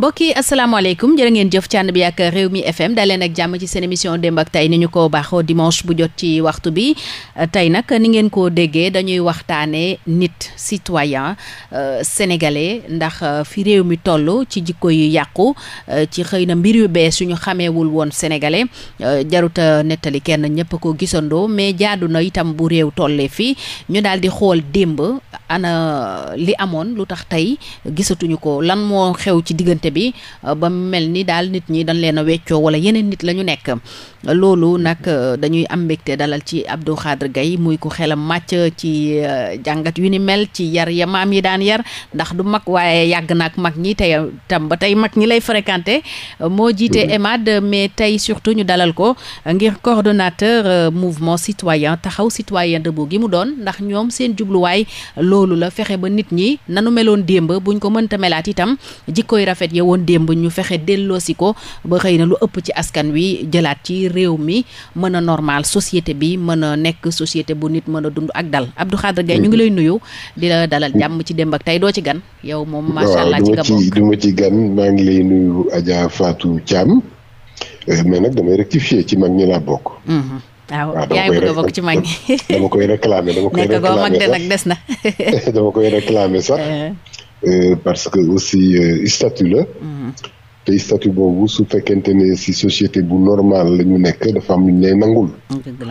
mbokk yi asalaamaaleykum jërë ngeen jëf cànn bi ak réew mi FM daleen ak jàmm ci seen émission démb ak tey ni ñu ko baaxoo dimanche bu jot ci waxtu bi euh, tey nag ni ngeen ko déggee dañuy waxtaanee nit citoyen euh, sénégalais ndax euh, fi réew mi toll ci jikko yu yàqu euh, ci xëy na mbir yu bees yu ñu xameewul woon sénégalais euh, jaruta nettali kenn ñëpp ko gisandoo mais jaadu na itam bu réew tollee fii ñu daal di xool démb ana li amoon lu tax tey gisatuñu ko lan moo xew ci diggante te bi ba mel ni daal nit ñi dañ leen a weccoo wala yeneen nit la ñu nekk loolu nag euh, dañuy am mbégte dalal ci Abdou Khadre Gaye muy ko xelam màcc ci euh, jàngat yu ni mel ci yar ya maam yi daan yar ndax du mag waaye yàgg na ak mag ñi tey itam ba tey mag ñi lay fréquenté euh, moo jiite mm-hmm. EMAD mais tey surtout ñu dalal ko ngir coordonnateur mouvement citoyen taxaw citoyen debout gi mu doon ndax ñoom seen jubluwaay loolu la fexe ba nit ñi nanu meloon démb buñ ko mënta melaat itam jikkooy rafet ya woon démb ñu fexe delloosi ko ba xëy na lu ëpp ci askan wi jëlaat ci réew mi mën a normal société bi mën a nekk société bu nit mën a dund ak dal Abdou Khadre Gaye ñu ngi lay mm-hmm. nuyu di dalal jàmm ci démb ak tey doo ci gan yow moom macha allah ci nga ci gan maa ngi lay nuyu Adja Fatou Thiam eh, mais nag damay rectifier ci mag ñi laa bokk mm-hmm. waaw yaa ngi bëgg a bokk ci mag ñi dama koy réclamer dama koy réclamer de nag des na dama koy réclamer sax eh. Eh, parce que aussi euh, statut la mm-hmm. te statut boobu su fekkente ne si société bu normal la ñu nekk dafa am lu ñu lay nangul. Mm,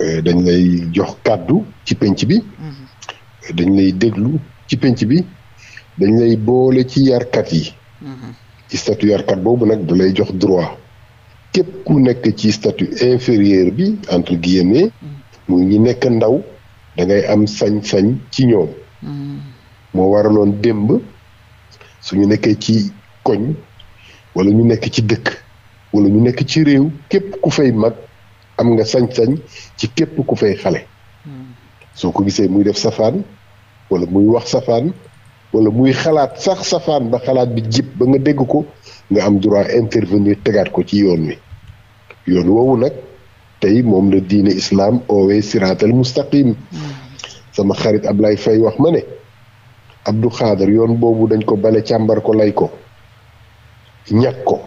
euh, dañ lay jox kàddu ci penc bi. Mm-hmm. dañ lay déglu ci penc bi dañ lay boole ci yarkat yi. Mm-hmm. ci statut yarkat boobu nag da lay jox droit. képp ku nekk ci statut inférieur bi entre guillemets. Mm-hmm. mu ngi nekk ndaw dangay am sañ-sañ ci ñoom. moo waraloon démb su ñu nekkee ci koñ. wala ñu nekk ci dëkk walla ñu nekk ci réew képp ku fay mag am nga sañ-sañ ci képp ku fay xale hmm. soo ko gisee muy def safaan wala muy wax safaan wala muy xalaat sax safaan ba xalaat bi jib ba nga dégg ko nga am droit intervenir tegaat ko ci yoon wi yoon woowu nag tey moom la diine islaam oowee siraatal mustaqim hmm. sama xarit Ablaye Faye wax ma ne Abdou Xaadar yoon boobu dañ ko bale càmbar ko lay ko ñàkk ko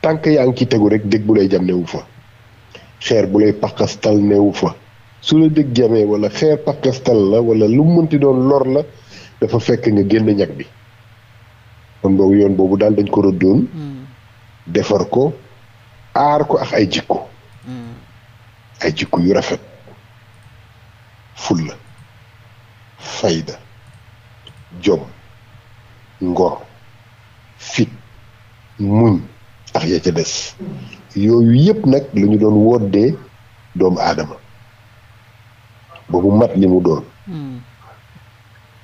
tànk yaa ngi ci tegu rek dég bu lay jam newu fa xeer bu lay paqastal newu fa su la dég jamee wala xeer paqastal la wala lu mënti doon lor la dafa fekk nga génn ñag bi kon boobu yoon boobu daal dañ ko rëddoon mm. defar ko aar ko ak ay jikko mm. ay jikko yu rafet fulla fayda jom ngor fit muñ ak ya des yooyu yëpp nag la ñu doon woddee doomu aadama ba mat li mu doon hmm.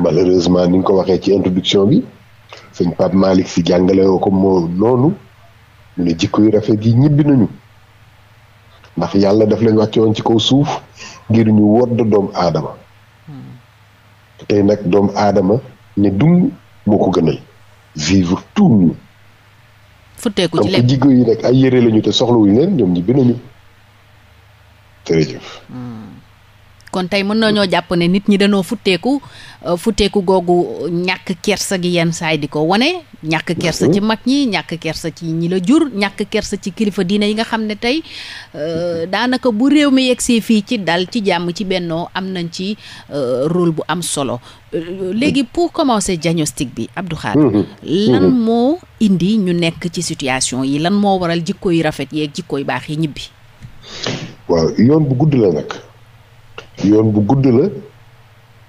malheureusement ni nga ko waxee ci introduction bi sëñ Pape Malick si jàngalewoo ko moo noonu mu ne jikko yu rafet yi ñibbi nañu ndax yàlla def leen wàcce woon ci kaw suuf ngir ñu wodd doomu aadama hmm. tey nag doomu aadama ne dung moo ko gënal vivre tout nu futteeku ci lépp jigéen yi nag ay yére lañu te soxlawuñu leen ñoom ñibbi nañu jërëjëf. Hmm. kon tey mën nañoo jàpp ne nit ñi dañoo futteeku euh, futteeku googu ñàkk kersa gi yenn saay di ko wane ñàkk kersa ci mag ñi ñàkk kersa ci ñi la jur ñàkk kersa ci kilifa diine yi nga xam ne tey euh, daanaka bu réew mi yegsee fii ci dal ci jàmm ci bennoo am nañ ci euh, rôle bu am solo léegi pour commencer diagnostic bi Abdou Khadre mm-hmm. Mm-hmm. lan moo indi ñu nekk ci situation yi lan moo waral jikko yu rafet yee jikko baax yi ñibbi waaw yoon bu gudd la nag yoon bu gudd la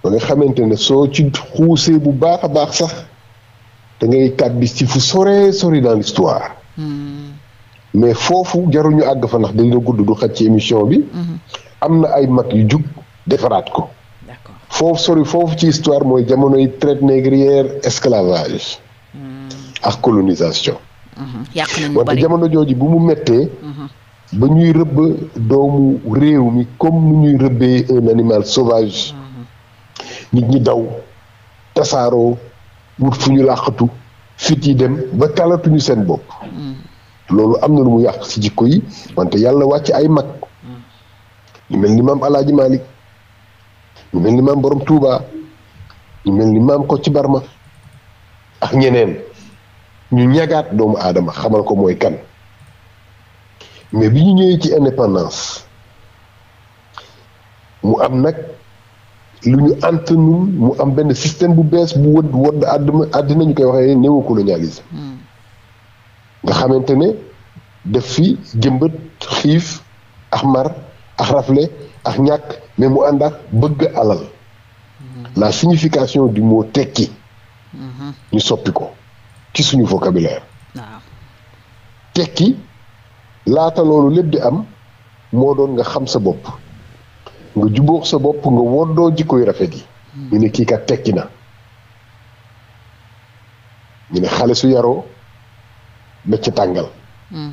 ba nga xamante ne soo ci xuusee bu baax a baax sax dangay ngay ci fu soree sori dans l'histoire hmm. mais foofu jaruñu àgg fa ndax dina gudd du xaj ci émission bi hmm. am na ay mag yu jug defaraat ko foofu sori foofu ci histoire mooy jamonoy trait négrière esclavage hmm. ak colonisation wante jamono jooju bu mu mettee ba ñuy rëbb doomu réew mi comme nu ñuy rëbbee un animal sauvage nit ñi daw tasaaroo wut fu ñu làqatu fit yi dem ba talatuñu seen bopp loolu am na lu mu yàq ci jikko yi wante yàlla wàcc ay mag ñu mel ni maam Alaaji Malik ñu mel ni maam Borom Touba ñu mel ni maam ko ci Barma ak ñeneen ñu ñagaat doomu aadama xamal ko mooy kan mais bi ñu ñëwee ci indépendance mu am nag lu ñu antanul mu am benn système bu bees bu wëdd wëdd àdduna àddina ñu koy waxee néocolonialisme hmm. nga xamante ne def fi jëmbët xiif ak mar ak rafle ak ñàkk mais mu ànd ak bëgg alal hmm. la signification du mot tekki hmm. ñu soppi ko ci suñu vocabulaire tekki laata loolu lépp di am moo doon nga xam sa bopp nga jubóox sa bopp nga woddoo jikkoy rafet yi hmm. ñu ne kii kat tekki na ñu ne xale su yaroo na ca tàngal hmm.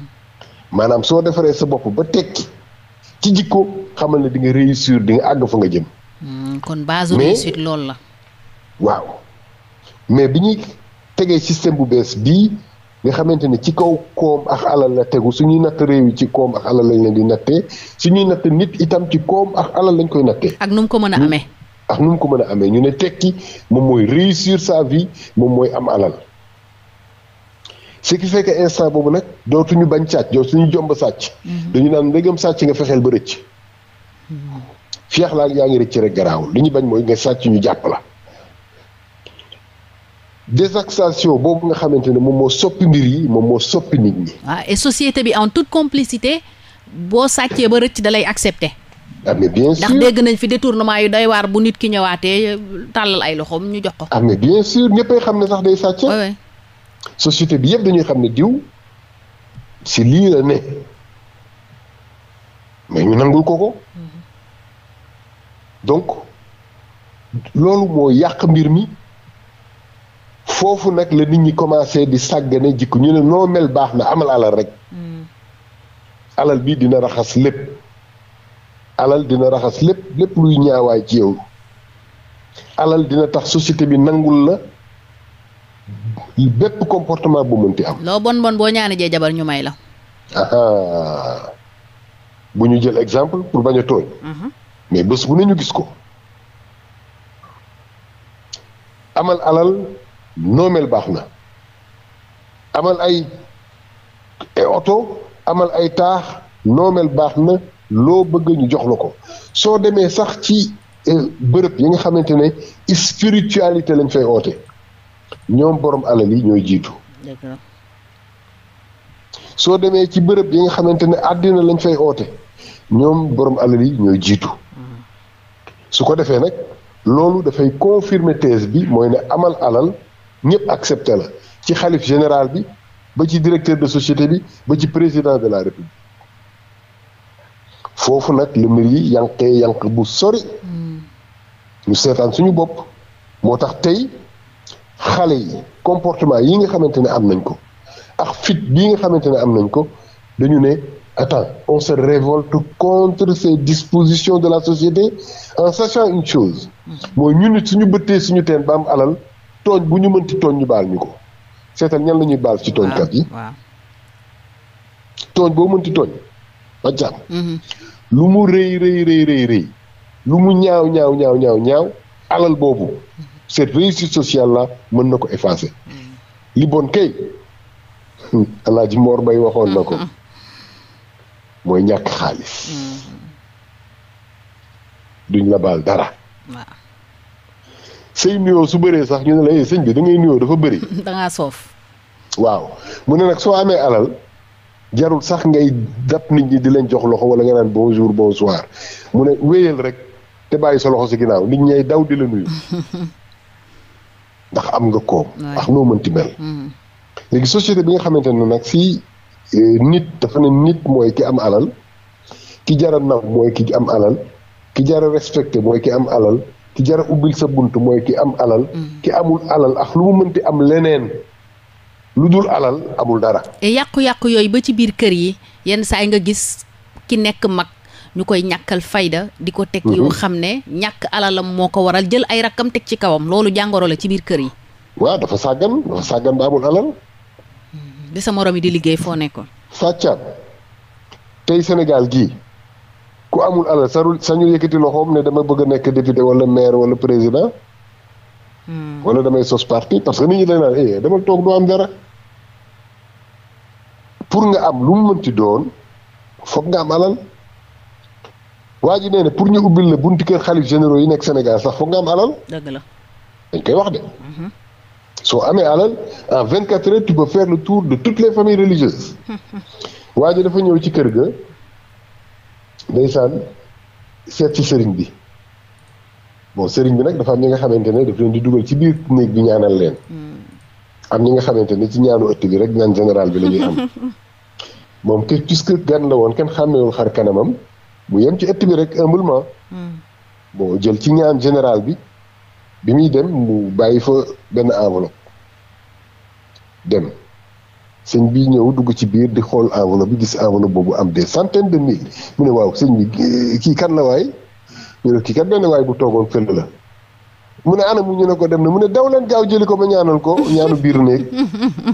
maanaam soo defaree sa bopp ba tekki ci jikko xamal ne di nga réussir di nga àgg fa nga jëm hmm, kon base réussite loolu la waaw mais bi ñu tegee système bu bees bii nga xamante ne ci kaw koom ak alal la tegu suñuy natt réew yi ci koom ak alal lañ leen di nattee suñuy natt nit itam ci koom ak alal lañ koy nattee. ak nu ko mën a hmm? amee. ak nu ko mën a amee ñu ne tekki moom mooy réussir sa vie moom mooy am alal. ce qui fait instant boobu nag dootuñu bañ sàcc dootuñu jomb sàcc. Hmm. dañu naan ndegam sàcc nga fexeel ba rëcc. fiax hmm. laa yaa ngi rëcc rek garaawul li ñu bañ mooy nga sàcc ñu jàpp la. désaxation boobu nga xamante ne moom moo soppi mbir yi moom moo soppi nit ñi. waaw ah, et société bi en toute complicité boo sàccee ba rëcc da lay accepté. ah mais bien sûr ndax dégg nañ fi détournement yu day waar bu nit ki ñëwaatee tàllal ay loxoom ñu jox ko. ah mais bien sûr ñëppay xam ne sax day sàcce. société bi yëpp dañuy xam ne diw si lii la ne mais ñu nangul ko ko mm-hmm. donc loolu moo yàq mbir mi. foofu nag la nit ñi commencé di sàggane jikko ñu ne noo mel baax na amal alal rek hmm. alal bi dina raxas lépp alal dina raxas lépp lépp luy ñaawaay ci alal dina tax société bi nangul la bépp comportement bu mënti am. loo bon bon boo ñaanee jabar ñu may la. Ah, ah. bu ñu jël exemple pour bañ a tooñ. Hmm. mais bés bu ne gis ko. amal alal noomeel baax na amal ay oto amal ay taax noomeel baax na loo bëgg ñu jox la ko soo demee sax ci eh, bërëb yi nga xamante ne spiritualité lañ fay oote ñoom borom alal yi ñooy jiitu demee ci bërëb yi nga xamante ne àddina lañ fay oote ñoom borom alal yi ñooy jiitu mm-hmm. su ko defee nag loolu dafay confirmer thèse bi mooy ne amal alal ñëpp accepté la ci xalif général bi ba ci directeur de société bi ba ci président de la république foofu nag le mbir yi yanqee yanq bu sori hmm. ñu seetaan suñu bopp moo tax tey xale yi comportement yi nga xamante ne am nañ ko ak fit bii nga xamante ne am nañ ko dañu ne attends on se révolte contre ces dispositions de la société en sachant une chose hmm. mooy ñun nit suñu bëttee suñu teen ba am alal tooñ bu ñu mënti tooñ ñu baal ñu ko seetal ñan la ñuy baal ci tooñkat yi tooñ boo mënti tooñ ba jàmm mm-hmm. lu mu rëy rëy rëy lu mu ñaaw ñaaw ñaaw ñaaw ñaaw alal boobu mm-hmm. cette réussite social la mën na ko effacer mm-hmm. li bon kay alaaji Mor Mbay waxoon na ko mooy ñàkk xaalis duñ la baal dara say nuyoo su bëree sax ñu ne la eh, sëñ bi da ngay nuyoo dafa bëri. da ngaa soof. waaw mu ne nag soo amee alal jarul sax ngay dab nit ñi di leen jox loxo wala nga naan bonjour bonsoir mu ne wéyal rek te bàyyi sa loxo si ginnaaw nit ñay daw di la nuyu. ndax am nga koom. ax noo mënti mel. Mm. léegi société bi nga xamante ne nag si eh, nit dafa ne nit mooy ki am alal ki jar a naw mooy ki am alal ki jar a mooy ki am alal. ki jar ubbil sa bunt mooy ki am alal. Mm. ki amul alal ak lu mu mënti am leneen lu dul alal amul dara. yàqu-yàqu yooyu ba ci biir kër yi yenn saa yi nga gis ki nekk mag ñu koy ñàkkal fayda. di ko teg mm-hmm. yoo xam ne ñàkk alalam moo ko waral jël ay rakkam teg ci kawam loolu jàngoro la ci biir kër yi. waaw dafa sàggan dafa sàggan ba amul alal. di mm. sa morom yi di liggéey foo nekkoon. sàccaat tey senegal gii. ku amul alal sarul sañu yëkkati loxoom ne dama bëgg a nekk député wala maire wala président. Hmm. wala damay sos parti parce que nit ñi dañ naan eh dama toog doo am dara. pour nga am lu mu mënti doon foog nga am alal waa ji nee pour ñu ubbil la bunti kër xalif généraux yi nekk Sénégal sax foog nga am alal. dañ koy wax de. Hmm. soo amee alal en vingt quatre heures tu peux faire le tour de toutes les familles religieuses. Hmm. waa dafa ñëw ci kër ga. ndeysaan seet ci sëriñ bi bon sëriñ bi nag dafa am ñi nga xamante ne daf leen di dugal ci biir néeg bi ñaanal leen hmm. am ñi nga xamante ne ci ñaanu ëtt bi rek ñaan général bi la ñuy am moom que puisque gan la woon kenn xàmmewul xar kanamam mu yem ci ëtt bi rek humblement hmm. boo jël ci ñaan général bi bi muy dem mu bàyyi fa benn enveloppe dem sëñ bi ñëw dugg ci biir di xool enveloppe bi gis enveloppe boobu am des centaines de mille mu ne waaw sëñ bi eh, kii kan la waay ñu ne kii kat benn waay bu toogoon fële la mu ne anamu ñu ne ko dem na mu ne daw leen gaaw jëli ko ba ñaanal ko ñaanu biir néeg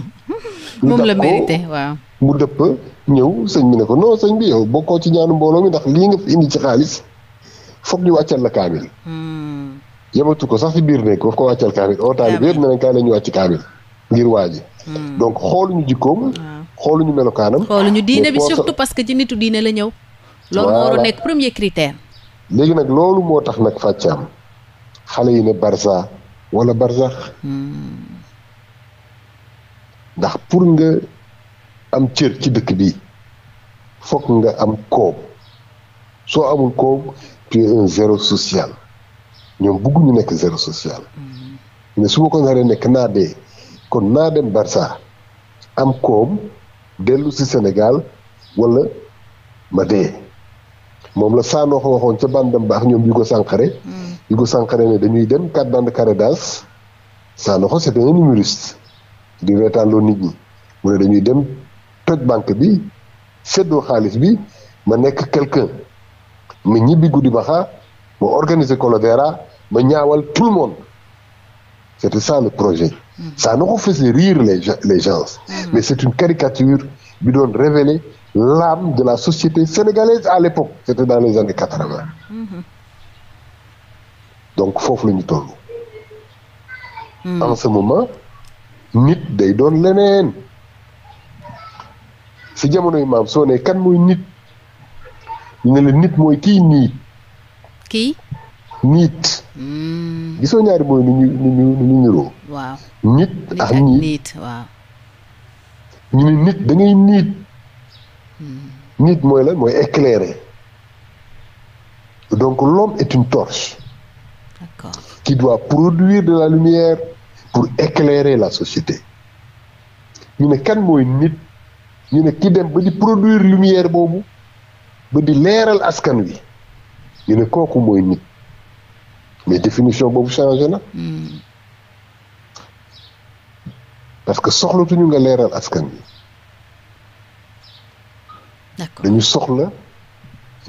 moom la mérité waaw mu dëpp ñëw sëñ bi ne ko non sëñ bi yow bokkoo ci ñaanu mbooloo mi ndax lii nga fi indi ci xaalis foog ñu wàccal la kaamil hmm. yematu ko sax si biir néeg ko ko wàccal kaamil oo la ñu wàcc kaamil ngir waaji Hmm. donc xooluñu jikkoom. xooluñu melokaanam. xooluñu diine bi surtout parce que ci nitu diine la ñëw. loolu moo a nekk léegi nag loolu moo tax nag fàccaam xale yi ne barsa wala barsax hmm. ndax pour nga am cër ci dëkk bi fokk nga am koob soo amul koob tu es un zéro social ñoom bëgguñu nekk zéro social hmm. mais su ma ko naree nekk naa dee kon naa dem Barça am koom dellu ci Sénégal wala ma dee moom la Sanokho waxoon ca bandam baax ñoom yu ko Sankharé yu mm. ko ne dañuy dem kat bande Caradas Sanokho c'est un humoriste di reetaanloo nit ñi mu ne dañuy dem toj banque bi seddoo xaalis bi ma nekk quelqu'un ma ñibbi guddi baxa ma organiser Colodera ma ñaawal tout le monde c'était projet sa nous faisait rire les, les mm. Mais c'est une caricature qui donne révéler l'âme de la société sénégalaise à l'époque. C'était dans les années 80. Mm-hmm. Donc foofu la ñu toll. Mm. en ce moment nit day doon leneen si jamonoy maam soo kan mooy nit nit mooy kii nii. niit. Hmm. gisoo ñaari mooy nu ñu nu ñu nu ñu niroo. waaw nit ak niit ñu ne niit. Hmm. nit mooy mooy éclairé. donc l'homme est une torche. de la lumière pour la société. ñu ne kan mooy nit ñu ne ki dem ba di produire lumière boobu ba di leeral askan wi ñu ne kooku mooy nit. mais définition boobu changé na. Hmm. parce que soxlatuñu nga leeral askan bi d'accord dañu soxla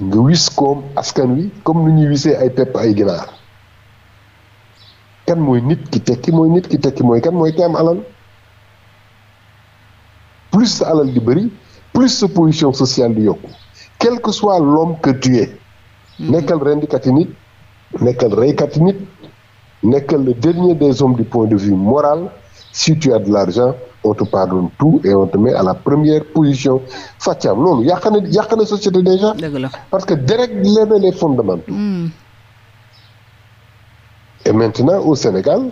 nga wis koom askan wi comme ni ñuy wisee ay pepp ay ginaar. kan mooy nit ki tekki mooy nit ki tekki mooy kan mooy ki am alal plus sa alal di bëri plus sa position sociale di yokku quel que soit l'homme que tu es. Hmm. nekkal rendikati nit nekkal reykat nit nekkal le dernier des hommes du point de vue moral si tu de l'argent on te pardonne tout et on te met la première position fàccaam loolu yàq na yàq na société déjà parce que dérégler na les fondamentaux mm. et maintenant au Sénégal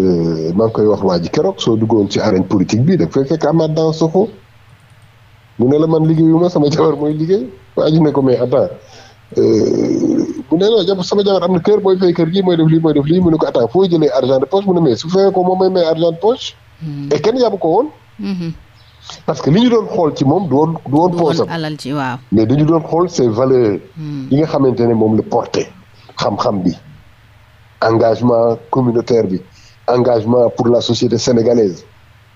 euh, maa ngi koy wax waa ji keroog soo duggoon ci arène politique bi daf fay fekk Amath Dansokho mu ne la man liggéeyuma sama jabar mooy liggéey waa ji ne ko mais attends euh, mu ne non sama jabar am na kër booy fay kër gi mooy def lii mooy def lii mu ne ko attends fooy jëlee argent de poche mu ne mais su fekkee ko moom may may argent de poche. Hmm. et kenn yàbu ko woon. Hmm. parce que li ñu doon xool ci moom du woon du woon poosam alal ci waaw. mais dañu doon xool ses valeurs. li hmm. nga xamante ne moom la porté. xam-xam bi engagement communautaire bi engagement pour la société sénégalaise.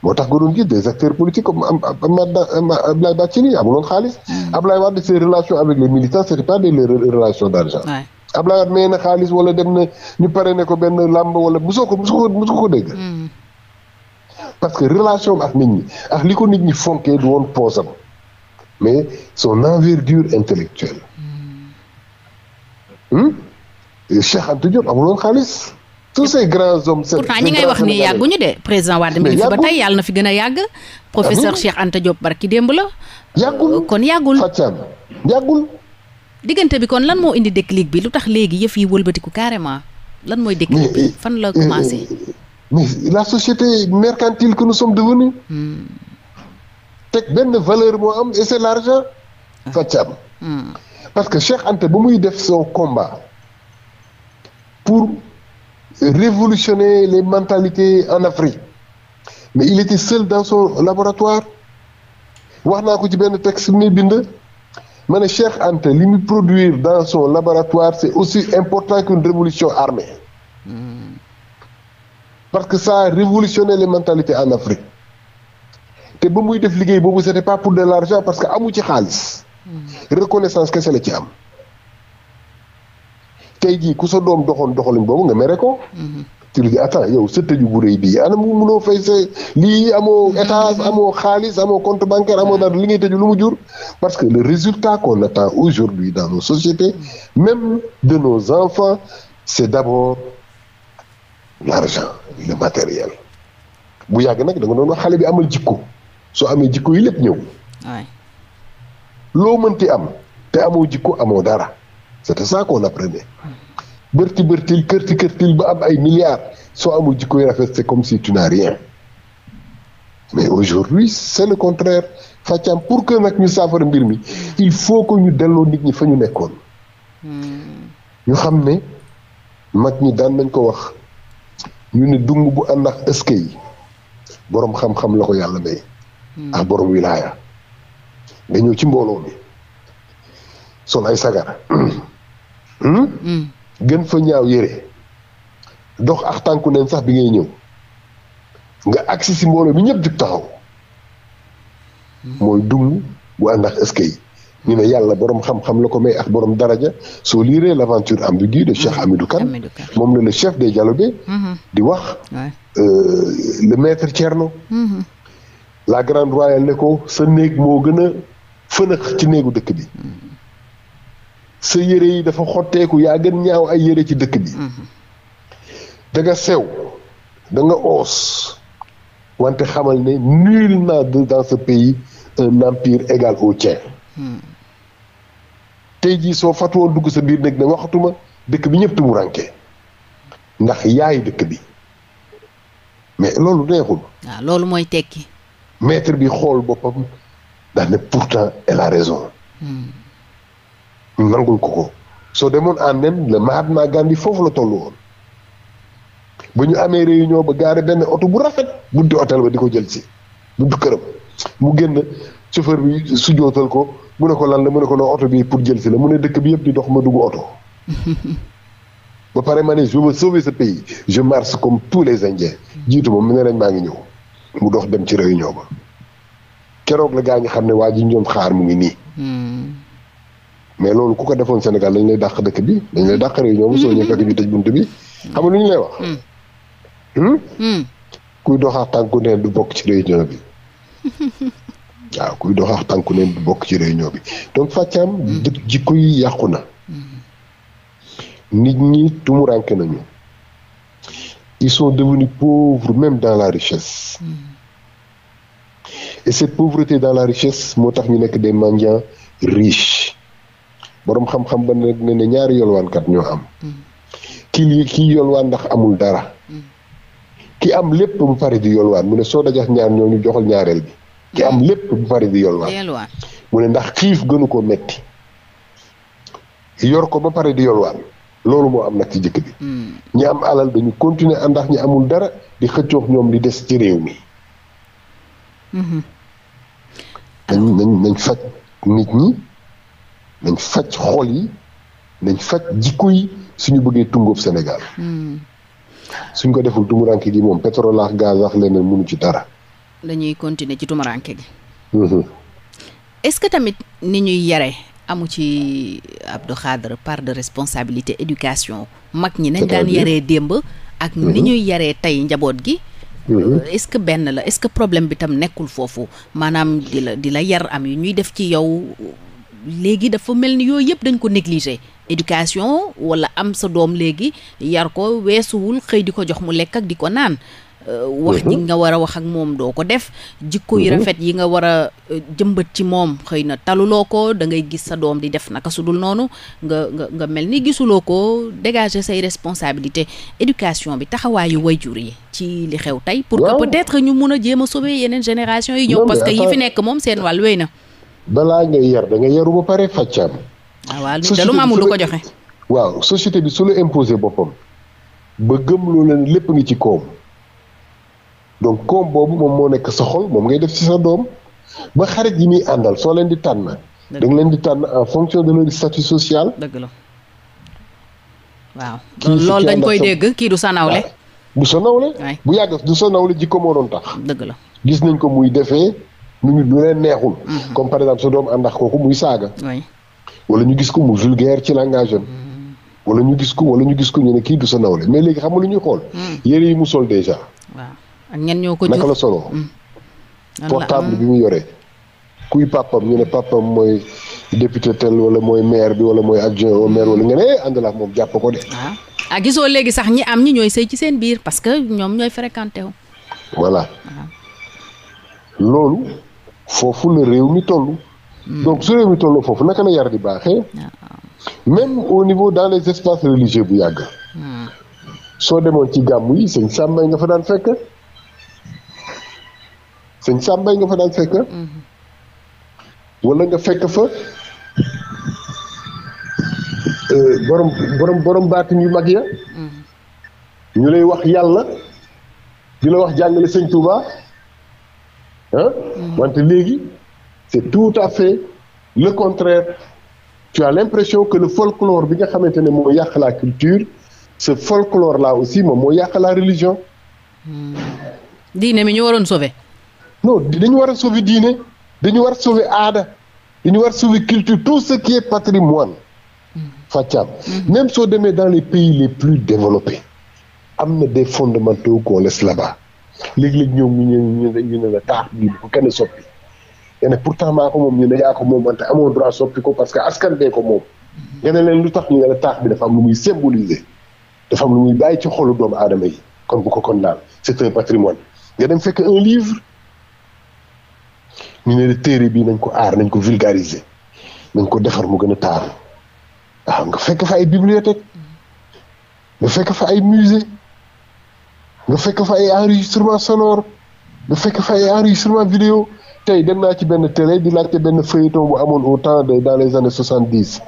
moo tax nga doon gis des acteurs politiques comme Abdoulaye Bathily amuloon xaalis. Hmm. Abdoulaye Wade ses relations avec les militants c'était pas des relations d'argent. Abdoulaye Wade may na xaalis wala dem na ñu pare ne ko benn làmb wala mosoo ko mosoo ko mosoo hmm. parce que relation ak nit ñi ak li ko nit ñi fonkee du woon mais son envergure intellectuelle. Hmm. Cheikh Anta Diop amuloon xaalis. tous ces grands hommes. pourtant ñi ngay wax nii yàgguñu de président Wade mi ngi fi ba tey yàlla na fi gën a yàgg. professeur Cheikh Anta Diop barki démb la. yàggul euh, kon yàggul Fatia yàggul. diggante bi kon lan moo indi déclic bi lu tax léegi yëf yi wëlbatiku carrément lan mooy déclic bi fan la commencé. Euh, euh, mais la société mercantile que nous sommes devenus. Hmm. teg benn valeur moo am et c'est ah. hmm. parce que Cheikh Anta ba muy def son combat pour. révolutionner les mentalités en Afrique mais il était seul dans son laboratoire wax naa ko ci benn texte mi bind ma ne Cheikh Anta li mu produire dans son laboratoire c'est aussi important qu'une révolution armée parce que ça a révolutionné les mentalités en Afrique te ba muy def liggéey boobu c'était pas pour de l'argent parce que amu ci xaalis hmm. reconnaissance kese la ci am tey jii ku sa doom doxoon doxalin boobu nga mere ko. Mhm. tu dis attends yow sa tëju bu rëy bii ana mu munoo fay sa lii amoo mhm. étage amoo xaalis amoo compte bancaire amoo dara li ngay tëju lu mu jur. parce que le résultat qu'on attend aujourd'hui dans nos sociétés mhm. même de nos enfants c'est d'abord l'argent le matériel. bu yàgg nag da doon wax xale bi amal jikko soo amee jikko yi lépp ñëw. loo mënti am te amoo jikko amoo dara. c'était ça qu'on apprenait bërti bërtil kërti kërtil ba am ay milliards soo amul jikkoy rafet c'est comme si tu n'as rien mais aujourd'hui c'est le contraire fàccaam pour que nag ñu saafara mbir mi il faut ko ñu delloo nit ñi fa ñu nekkoon ñu xam ne mag ñi daan nañ ko wax ñu ne dung bu ànd ak ëske yi boroom xam-xam la ko yàlla may hmm. ak boroom wilaaya nga ñëw ci mbooloo mi sol ay sagara Hmm? Hmm. gën fa ñaaw yére dox ak tànku neen sax bi ngay ñëw nga agsi si mbooloo mi ñëpp jug taxaw mooy dung bu ànd ak yi ñu ne yàlla borom xam-xam la ko may ak borom daraja soo liiree l'aventure ambiguë de Cheikh Hamidou hmm. Kane moom la chef des dialogués di wax euh, le maître Thierno la grande royale ne ko sa néeg moo gën a fënëx ci néegu dëkk bi sa yére yi dafa xotteeku yaa gën ñaaw ay yére ci dëkk bi mhm. da sew da nga oos wante xamal ne nul n'a dans ce pays un empire égal au tien hmm. tey jii soo fatuwoon dugg sa biir nag ne ma dëkk bi ñëpp mu rànkee ndax yaay dëkk bi mais loolu neexul waaw ah, loolu mooy tekki maître bi xool boppam ndax ne pourtant elle a raison hmm. ñu nangul ko ko soo demoon Anden le Mahatma Gandhi foofu la tollu woon ba ñu amee réunion ba gaare benn oto bu rafet bunti hôtel ba di ko jël si buntu mu génn chauffeur bi su jootal ko mu ne ko lan la mu ne ko non oto bii pour jël si la mu a dëkk bi yëpp di dox ma dugg oto ba pare ma ne je veux sauver ce pays comme tous les indiens jiitu ma mu ne leen maa ngi ñëw mu dox dem ci réunion ba keroog la gaa ñi xam ne waa ji ñoom xaar mu ngi nii hmm. mais loolu ku ko defoon Sénégal dañ lay dàq dëkk bi dañ lay dàq réunion bi soo ñëwee fekk ñu tëj bunt bi xam nga lu ñu lay wax. Hmm. Hmm? Hmm. kuy doxax tànku neen du bokk ci réunion bi tànku neen bokk ci réunion bi donc Fatiam dëkk jikko yàqu na nit ñi tumuranke nañu il sont devenus pauvres même dans la richesse et cette pauvreté dans la richesse moo tax ñu nekk de mandian riches boroom xam-xam ba nag ne ne ñaari yolwaankat ñoo am kii kii yolwaan ndax amul dara ki am lépp bu pare di yolwaan mu ne soo dajax ñaar ñooñu joxal ñaareel bi ki lépp bu pare di yolwaan mu ne ndax xiif gënu koo metti yor ko ba pare di yolwaan loolu moo am nag ci jëkk bi hmm. ñi am alal dañu continuer ndax ñi amul dara di xëccoo ñoom li des ci réew mi hmm. nañ nañ nañ faj nit ñi nañ faj xol yi nañ faj jikko yi suñu bëggee tungóob Sénégal hmm. suñ ko deful tumuranke gi moom pétrole ak gaz ak leneen mënu ci dara dañuy continuer ci tumuranke gi hmm. est-ce que tamit ni ñuy yare amu ci Abdou Khadre part de responsabilité éducation mag ñi nañ daan yaree démb ak ni hmm. ñuy yaree tey njaboot gi euh, est-ce que benn la est-ce que problème bi tam nekkul foofu maanaam di la di la yar am yu ñuy def ci yow léegi dafa mel ni yooyu yëpp dañ ko négligé éducation wala am sa doom léegi yar ko weesuwul xëy di ko jox mu lekk ak di ko naan euh, wax ji mhm. nga war a wax ak moom doo ko def jikko yu mhm. rafet yi nga war a euh, jëmbat ci moom xëy na taluloo ko da ngay gis sa doom di def naka sudul noonu nga nga nga mel ni gisuloo ko dégager say responsabilité éducation bi taxawaayu wayjur yi ci li xew tey pour que peut ñu mun a jéem a sauver yeneen génération yi ñëw parce que yi fi nekk moom seen wàll wéy na balaa ngay yar da nga yaru ba pare fàccaam. Ah, waaw te lu mu amul du ko joxe. waaw société bi su la imposé boppam ba gëm loo leen lépp ngi ci koom donc koom boobu moom moo nekk sa xol moom ngay def ci sa doom ba xarit yi muy àndal soo leen di tànn. da nga leen di tànn en fonction de leur statut social. dëgg la waaw. loolu dañ koy dégg kii du sa nawle. du sa nawle. bu yàgg du sa nawle jikko moo doon tax. dëgg la gis nañ ko muy defee. nit ñi lu leen neexul. Mm-hmm. comme par exemple sa doom ànd ak kooku muy saaga. wala ñu gis ko mu vulgaire ci langage am. Mm-hmm. wala ñu gis ko wala ñu gis ko ñu ne kii du sa nawle mais léegi xam nga lu ñuy xool. Mm. yére yi mu sol déjà. waaw ak ñenn ñoo ko naka la solo. Mm. portable mu yore. kuy papam ñu ne papam mooy député wala mooy maire bi wala mooy adjoint au ne eh, ànd moom jàpp de. Ah. Ah, gisoo léegi sax ñi am ñi ñooy sëy ci seen biir parce que ñoom ñooy fréquenté wu. Ah. loolu. foofu la réew mi toll. Hmm. donc su réew mi toll foofu naka na yar di baaxee. Ah. même au niveau dans les espaces religieux bu yàgg. Hmm. soo demoon ci gàmm yi sëñ Samba nga fa daan fekk. sëñ Samba nga fa daan fekk. Hmm. wala nga fekk fa euh, borom borom borom baatin yu mag ya. ñu lay wax yàlla di la wax jàngale sëñ Touba. ah wante léegi c'est tout à fait le contraire tu as l'impression que le folklore bi nga xamante ne moo yàq la culture ce folklore laa aussi moom moo yàq laa religion mm. diine mi ñu waroon sauver non dañu war a sauver diine dañu war a sauver aada dañu war a sauver culture tout ce qui est patrimoine mm. Fathia même soo demee dans les pays les plus développés am na des fondamentaux qu'on laisse là-bas léeg-léeg ñoom ñu ñu ñu ne la taax bii bu kenn soppi nga ne pourtant maa moom ñu ne yaa moom wante amoo droit soppi ko parce que askan bee ko moom nga ne leen lu tax ñu ne la taax bi dafa am lu muy symboliser dafa am lu muy bàyyi ci xolu doomu aadama yi ko kon daal c'est un patrimoine nga dem fekk un livre ñu ne téere bii nañ ko aar nañ ko vulgariser nañ ko defar mu gën a taaru waaw nga fekk fa ay bibliothèque nga fekk fa ay musée nga fekk fa ay enregistrement sonore nga fekk fa ay enregistrement vidéo tey dem naa ci benn télé di laajte benn feuilleton bu amoon au temps de dans les années soixante dix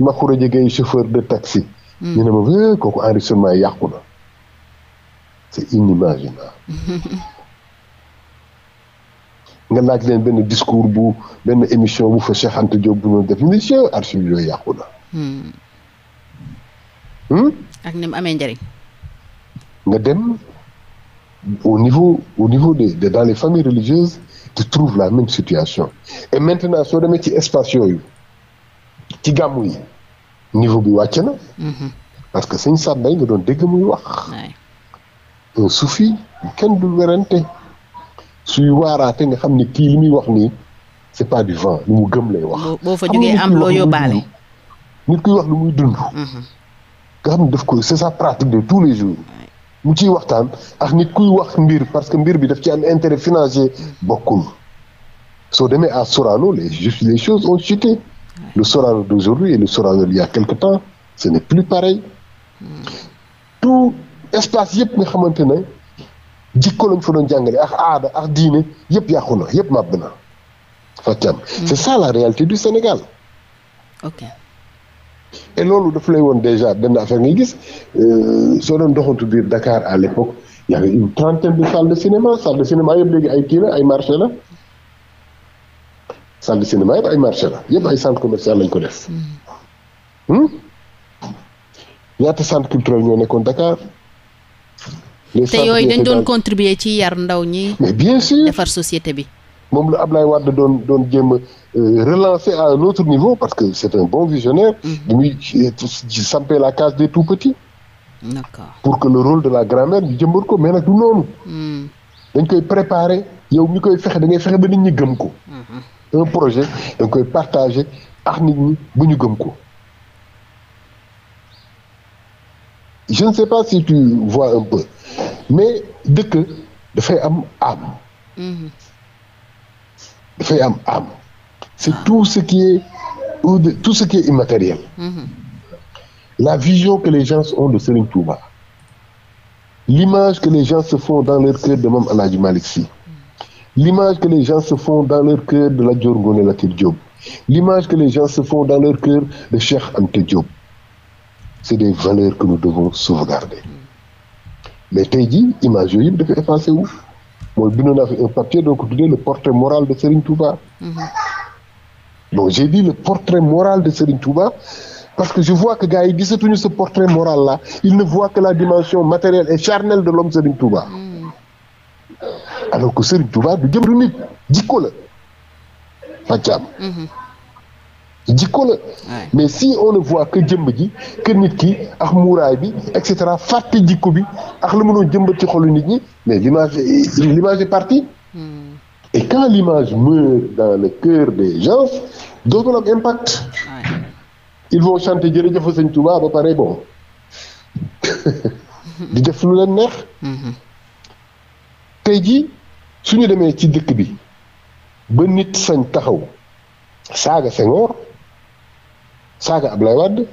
Makoura mm. Jegey chauffeur de taxi mm. ñu ne ma eh, kooku enregistrement yi nga laaj leen benn discours bu benn émission bu fa Cheikh Anta Diop bu noonu def monsieur archive yàqu na hmm. Hmm? ak nga dem au niveau au niveau de, de dans les familles religieuses tu trouves la même situation et maintenant soo demee ci espace yooyu ci gàmmu yi niveau bi wàcc na. Mhm. parce que sëñ Saad Mbay nga doon dégg muy wax. un soufi kenn du werante suy waaraate nga xam ne kii li muy wax nii c'est pas du vent lu mu gëm lay wax. boo loo yóbbaale. wax lu muy dund. Mhm. nga xam ne daf koy c'est sa pratique de tous les jours. mu ciy waxtaan ak nit kuy wax mbir parce que mbir bi def ci am intérêt financier bokkul soo demee à Sorano les les choses ont chuté le Sorano d'aujourd'hui et le Sorano d'il y a quelque temps ce n'est plus pareil hmm. tout espace yëpp nga xamante ne jikko lañ fa ak aada ak diine yëpp yàqu na yëpp màbb na hmm. c'est ça la réalité du Sénégal et loolu daf lay woon déjà benn affaire ngay gis euh, soo doon doxantu biir Dakar à l'époque y avait une trentaine de salles de cinéma salle de cinéma yëpp ay kii la ay salle de cinéma yëpp ay marché la yëpp ay centre commercial lañ ko def hmm. Hmm? ñaata centre culturel ñoo nekkoon Dakar te yooyu dañ doon contribuer ci yar ndaw ñi mais defar société bi moom la Ablaye Wade doon doon jéem a euh, relancer à un autre niveau parce que c'est un bon visionnaire. bi muy sampee la case des tout petits. pour que le rôle de la grand-mère ñu ko mais nag du noonu. Mm. dañ koy préparer yow mi koy fexe da ngay fexe ba nit ñu gëm ko. Mm-hmm. un projet da koy partager ak nit ñi bu ñu gëm ko. je ne sais pas si tu vois un peu mais dëkk dafay am am. dafay am âme c'est ah. tout ce qui est ou de, tout ce qui immatériel mm-hmm. la vision que les gens ont de Serigne Touba l'image que les gens se font dans leur cœur de Mame El Hadji mm-hmm. l'image que les gens se font dans leur cœur de Lat Dior Ngoné Latyr l'image que les gens se font dans leur cœur de Cheikh Anta Diop c'est des valeurs que nous devons sauvegarder mm-hmm. mais tey jii image yooyu yëpp dafay effacé wu mooy bind naa fi un papier le portrait moral de Serigne Touba. Mhm. donc j'ai dit le portrait moral de Serigne Touba parce que je vois que gars yi gisatuñu ce portrait moral là ils ne voient que la dimension matérielle et charnelle de l'homme Serigne Touba. Mhm. alors que Serigne Touba du jëm du nit jikko jikko la mais si on ne voit que jëmb ji que nit ki ak muuraay bi et cetera fàtte jikko bi ak la mënoon jëmbat ci xolu nit ñi mais l'image l'image est partie hmm. et quand l'image meurt dans le cœur des gens dootul am impact ils vont chanter jërëjëf sëñ Touba ba pare bon di def lu leen neex hmm. tey su ñu demee ci dëkk bi ba nit sañ taxaw saaga sengoor saaga Ablaye Wade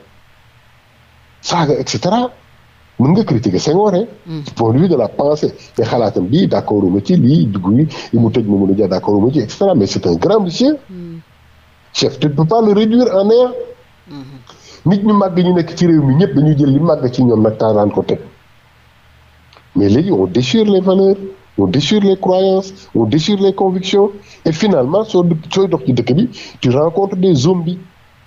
saaga et cetera mën nga critiquer Senghor eh? mm. ci point de vue de la pensée mais xalaatam bii d' accord ma ci lii dugg yi mu teg Mamadou Dia d' accord ma ci et cetera mais c' est un grand monsieur mm. chef tu ne peux le réduire en néant mm-hmm. nit ñu màgg ñu nekk ci réew mi ñëpp dañuy jël li màgg ci ñoom nag taaraan ko teg mais léegi on déchire les valeurs on déchire les croyances on déchire les convictions et finalement soo sooy dox ci dëkk bi tu rencontres des zombies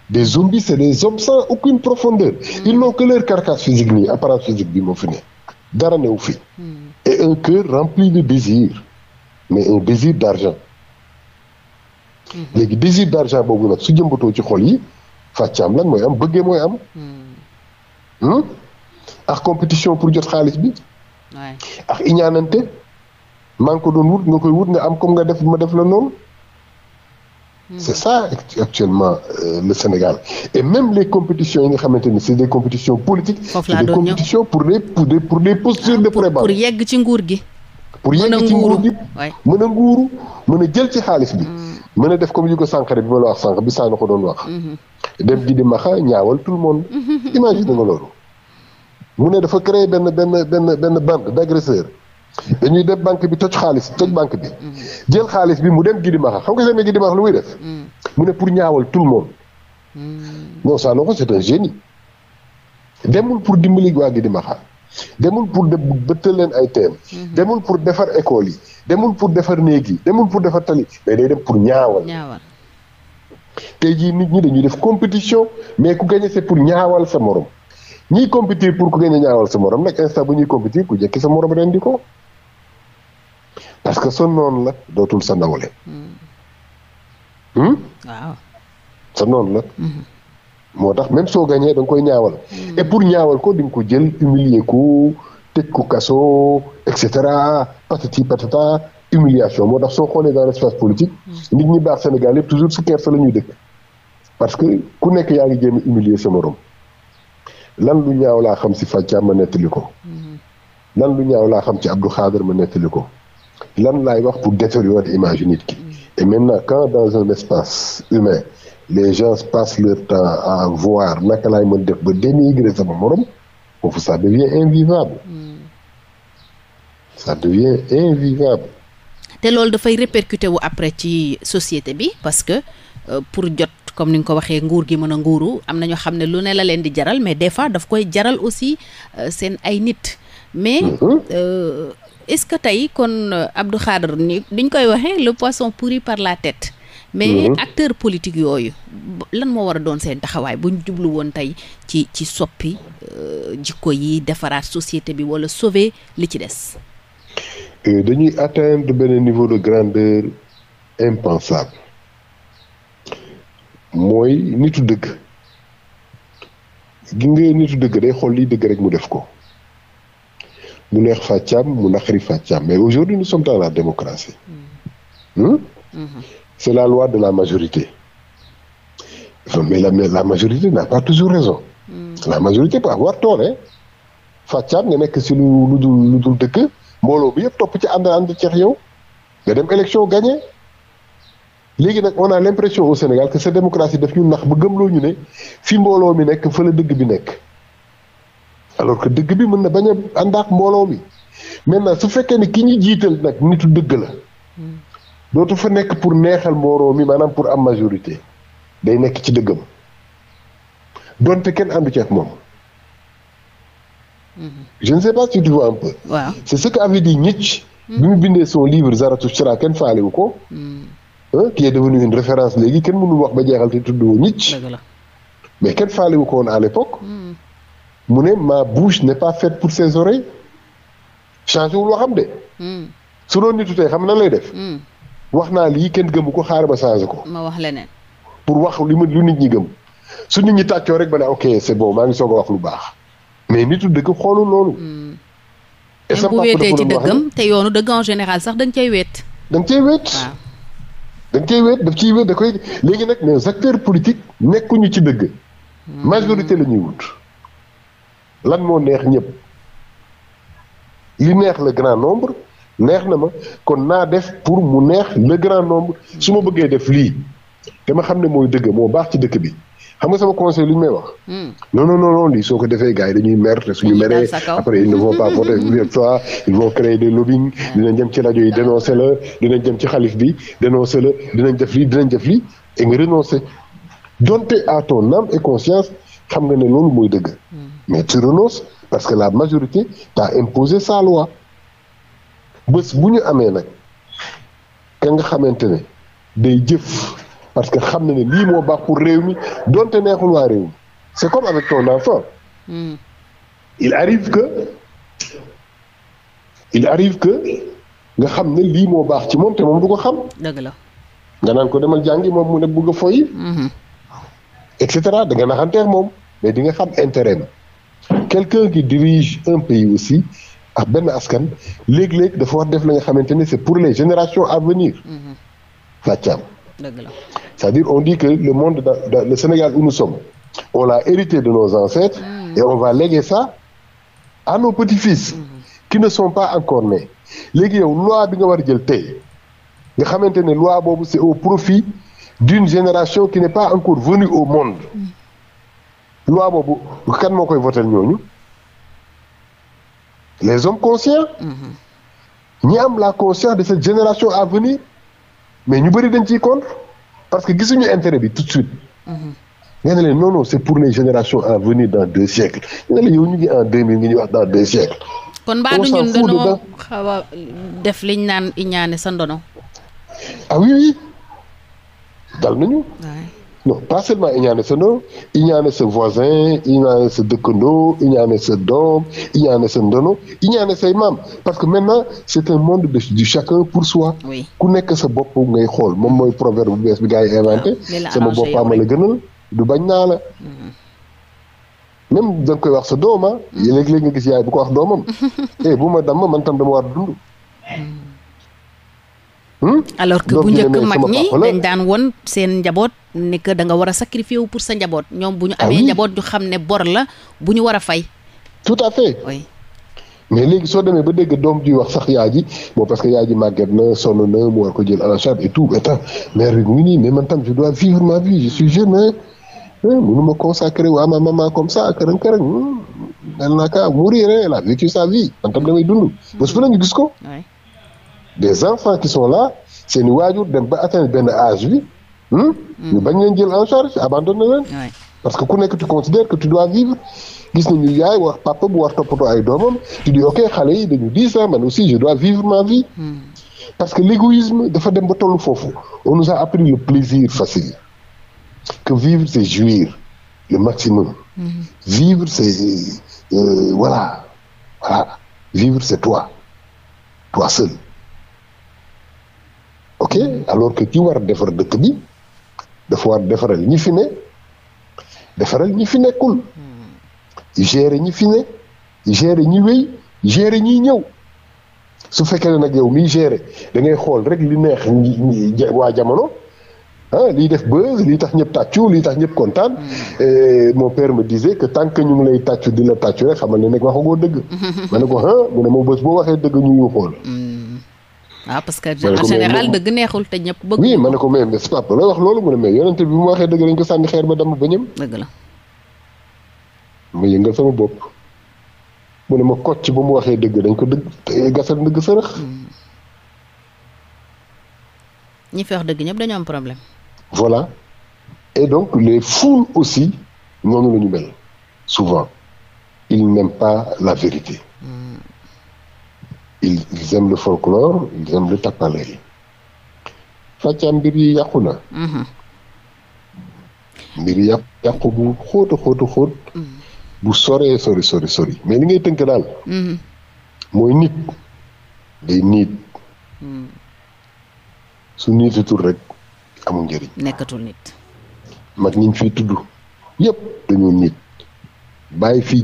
des zombies c'est des hommes sans aucune profondeur ils n'ont que leur carcasse physique nii apparence physique bi moo fi ne dara newu fi hmm. et un cœur rempli de désir mais un désir d'argent hmm. léegi désir d'argent boobu nag su jëmbatoo ci xol yi fàccaam lañ mooy am bëggee mooy am hmm. ak compétition pour jot xaalis bi ak iñaanante maa ngi ko doon wut nga koy wut nga am comme nga def ma def la noonu Mmh. C'est ça actuellement euh, le Sénégal. Et même les compétitions yi nga xamante ni c'est des compétitions politiques. foofu c'est des compétitions pour des pour des pour des postures ah, yegg ci nguur gi. pour yegg ci nguur gi mën a nguuru mën a jël ci xaalis bi. Mm. mën a def comme yu ko Sankara bi ma la wax sànq bi saa na ko doon wax. Mm-hmm. dem di di maxa ñaawal tout le monde. Mm-hmm. imagine nga loolu. mu ne dafa créer benn benn benn benn bande d'agresseurs. dañuy def banque bi toj xaalis toj banque bi. jël xaalis bi mu dem Gidimaxa xam nga seen ne Gidimaxa lu muy def. mu ne pour ñaawal tout le monde. non Sanokho c'est un génie. demul pour dimbali waa Gidimaxa demul pour de bëttal leen ay teem. demul pour defar école yi. demul pour defar néeg yi demul pour defar tali mais day dem pour ñaawal. ñaawal tey jii nit ñi dañuy def compétition mais ku gagné c'est pour ñaawal sa morom. ñiy compétir pour ku gagné ñaawal sa morom nag instant bu ñuy compétir ku jekki sa morom rendi ko. parce que sa noon la dootul sa nawle. Hmm. Hmm? waaw. noon la. Hmm. moo tax même soo gañee da nga koy ñaawal. et pour ñaawal ko di ko jël humilier ko teg ko kaso et cetera patati patata humiliation moo tax soo xoolee dans l' espace politique. nit ñi baax Sénégal yëpp toujours si kersa la ñuy dëkk. parce que ku nekk yaa ngi jéem a humilier sa morom lan lu ñaaw laa xam si Fathia ma nettali ko. lan lu ñaaw laa xam ci Abdou Khader ma nettali ko. lan laay wax pour détériorer image yu nit ki et maintenant quand dans un espace humain les gens sama morom foofu devient invivable te loolu dafay répercuté wu après ci société bi parce que euh, pour jot comme ni nga ko waxee nguur gi mën a nguuru am na ñoo xam ne lu ne la leen di jaral mais des fois daf koy jaral aussi euh, seen ay nit mais mm-hmm. euh, est-ce que tey kon euh, Abdou Khadre ni diñ koy waxee le poisson pourri par la tête mais mm acteur politique yooyu lan moo war a doon seen taxawaay bu buñ jublu woon tey ci ci soppi euh, jikko yi defaraat société bi wala sauver li ci des euh, dañuy atteindre benn niveau de grandeur impensable mooy nitu dëgg gi nga nitu dëgg day xool liy dëgg rek mu def ko mu neex Fathia mu naqari Fathia mais aujourd'hui nous sommes dans la démocratie. Mmh. c'est la loi de la majorité. mais la mais la majorité n'a pas toujours raison. Mm. la majorité peut avoir tort hein. Fathia nga nekk si lu lu dul dëkk mbooloo bi yëpp topp ci ànd ànd ceex yow nga dem élection gagné. léegi nag on a l'impression au Sénégal que cette démocratie daf ñu nax ba gëmloo ñu ne fi mbooloo mi nekk fa la dëgg bi nekk. alors que dëgg bi mën na bañ a ànd ak mbooloo mi maintenant su fekkee ne ki ñu jiital nag nitu dëgg la dootu fa nekk pour neexal mbooloo mi maanaam pour am majorité day nekk ci dëggam donte kenn àndu ci ak moom. je ne sais pas si tu vois un peu. waaw c'est ce hmm. bi mu bindee son livre Zarathustra kenn faale ko. Hmm. qui est devenu une référence léegi kenn mënul wax ba jeexal te tudd Nietzsche. mais kenn faale wu ko woon à l'époque. Hmm. mu ne ma bouche ne pas faite pour ses oreilles changé wul waxam de. Hmm. su doon nitu tey xam na lay def. Hmm. wax naa lii kenn gëmu ko xaar ba changé ko. ma wax leneen. pour wax li mu lu nit ñi gëm su nit ñi tàccoo rek ba ne ok c'est bon maa ngi soog a wax lu baax mais nitu dëgg xoolul loolu. est ce que bu wéetee ci dëggam te yoonu dëgg en général sax dañ cay wéet. dañ cay wéet. dañ cay wéet ciy da koy léegi nag les acteurs politique nekkuñu ci dëgg. Hmm. majorité la ñuy wut. lan moo neex ñëpp li neex le grand nombre neex na ma kon naa def pour mu neex le grand nombre su ma bëggee def lii te ma xam ne mooy dëgg moo baax ci dëkk bi xam nga sama conseil lu ñu may wax. Hmm. non non non lii soo ko defee gaa yi dañuy mer te suñu meree après ils ne vont pas voter pour toi ils vont créer des lobbying dinañ jëm ci rajo yi dénoncer la dinañ jëm ci xalif bi dénoncer la dinañ jëf lii dinañ def lii et nga renoncer donte à ton âme et conscience xam nga ne loolu mooy dëgg. Hmm. mais tu parce que la majorité t'a imposé sa loi bés bu ñu amee nag ka nga xamante ne day jëf parce que xam na ne lii moo baax pour réew mi donte neexul waa réew mi c'est comme avec ton enfant mm. il arrive que nga xam ne lii moo baax ci moom te moom du ko xam dëgg la nga naan ko demal jàngi moom mu ne bëgg a foyi hmm. et cetera da nga naxanteex moom mais di nga xam intérêt bi quelqu'un qui dirige un pays aussi ak benn askan léeg-léeg dafa war def la nga xamante ne c'est pour les générations à venir mm-hmm. fàccaam c'est-à-dire on dit que le monde dans, dans le Sénégal où nous sommes on l'a hérité de nos ancêtres mmh. et on va léguer ça à nos petits-fils mm-hmm. qui ne sont pas encore nés léegi yow loi bi nga war a jël tey nga xamante ne loi boobu c'est au profit d'une génération qui n'est pas encore venue au monde mm. loi boobu kan moo koy votel ñooñu les hommes conscients mhm. ñi am la conscience de cette génération à mais ñu bëri dañ ci contre parce que gis gisuñu intérêt bi tout de suite mhm. nga ne leen non c'est pour les génération à venir dans deux siècles nga ne la yow ñu ngi en deux mille ngi ñuy wax dans deux siècles kon mbaa du ñun dañoo def liñ naan iñaane sa ndono ah oui oui dal nañu non pas seulement iñaane sa ndoom iñaane sa voisin iñaane sa dëkkandoo iñaane sa doom iñaane sa ndono iñaane maam parce que maintenant c'est un monde de du chacun pour soi ku nekk sa bopp ngay xool moom mooy proverbe bu bees bi gaa yi inventé ah, sama ma la gënal du bañ naa la mm. même da nga koy wax sa dooma ah, mm. léeg-léeg nga gis yaay bu ko wax doomam eh bu ma damm man tam dama war dund mm. Hmm? alors que bu njëkk mag ñi dañ daan won seen njaboot ne que danga war a sacrifier wu pour sa njaboot ñoom bu ñu ah amee njaboot ñu xam ne bor la bu ñu war a fay tout à fait mais léegi soo demee ba dégg doom ji wax sax yaay ji parce que yaay ji màgget na sonn na ko jël en charge et tout attends mère bi mu ngi nii mais man tam je dois vivre ma vie je suis jeune mënu ma consacrer waa ma maman comme ça këram këram elle n'a qu'à mourir elle a vécu sa vie man tam damay dund bés bu la ñu gis ko des enfants qui sont là seen i waajur dem ba atteindre benn âge bi hmm? Hmm. ñu bañ leen jël en charge abandonné leen parce que ku nekk tu que tu dois vivre gis nañu yaay papa bu war toppatoo ay doomam tu dis ok xale yi dañu dix ans man aussi je dois vivre ma vie hmm. parce que l'égoïsme dafa dem ba tollu foofu on nous a appris le plaisir facile que vivre c'est jouir le maximum euh, vivre c'est toi toi seul ok alors que ki war a defar dëkk bi dafa war defaral ñi fi ne defaral ñi fi nekkul hmm. gere ñi fine gere gérer ñi wéy gérer ñi ñëw su fekkee ne nag yow miy gérer da ngay xool rek li neex waa jamono ah liy def buzz li tax ñëpp tàccu liy tax ñëpp kontaan hmm. eh, mon père me disait que tant que ñu ngi lay tàccu di la tàccu rek xamal ne nag waxagoo dëgg hmm. ma ne ko ah mu ne ma bés boo waxee dëgg ñu yuuxoo waaw ah, parce que en général dëgg neexul te ñëpp bëgg. oui ma ne ko mais mais papa looy wax loolu mu ne mais yonente bi mu waxee dëgg dañ ko sànni xeer ba damm ba dëgg la. ma yëngal sama bopp mu ne ma kocc ba mu waxee dëgg dañ ko dëgg gasal dëgg sërëx. Hmm. ñi fi wax dëgg ñëpp dañoo am problème. voilà et donc les foules aussi noonu la ñu mel souvent ils n'aiment pas la vérité. ils, ils aiment le folklore ils aiment le tappale yi fàccaan mbir yi yàqu na mhm. mbir yi yàqu yàqu bu xóotu xóotu xóot mhm. bu soree sori sori mais li ngay tënk daal mhm. mooy nit day niit su niitatul rek amul njëriñ mag ñi ñu fiy tudd yëpp dañoo nit bàyyi fi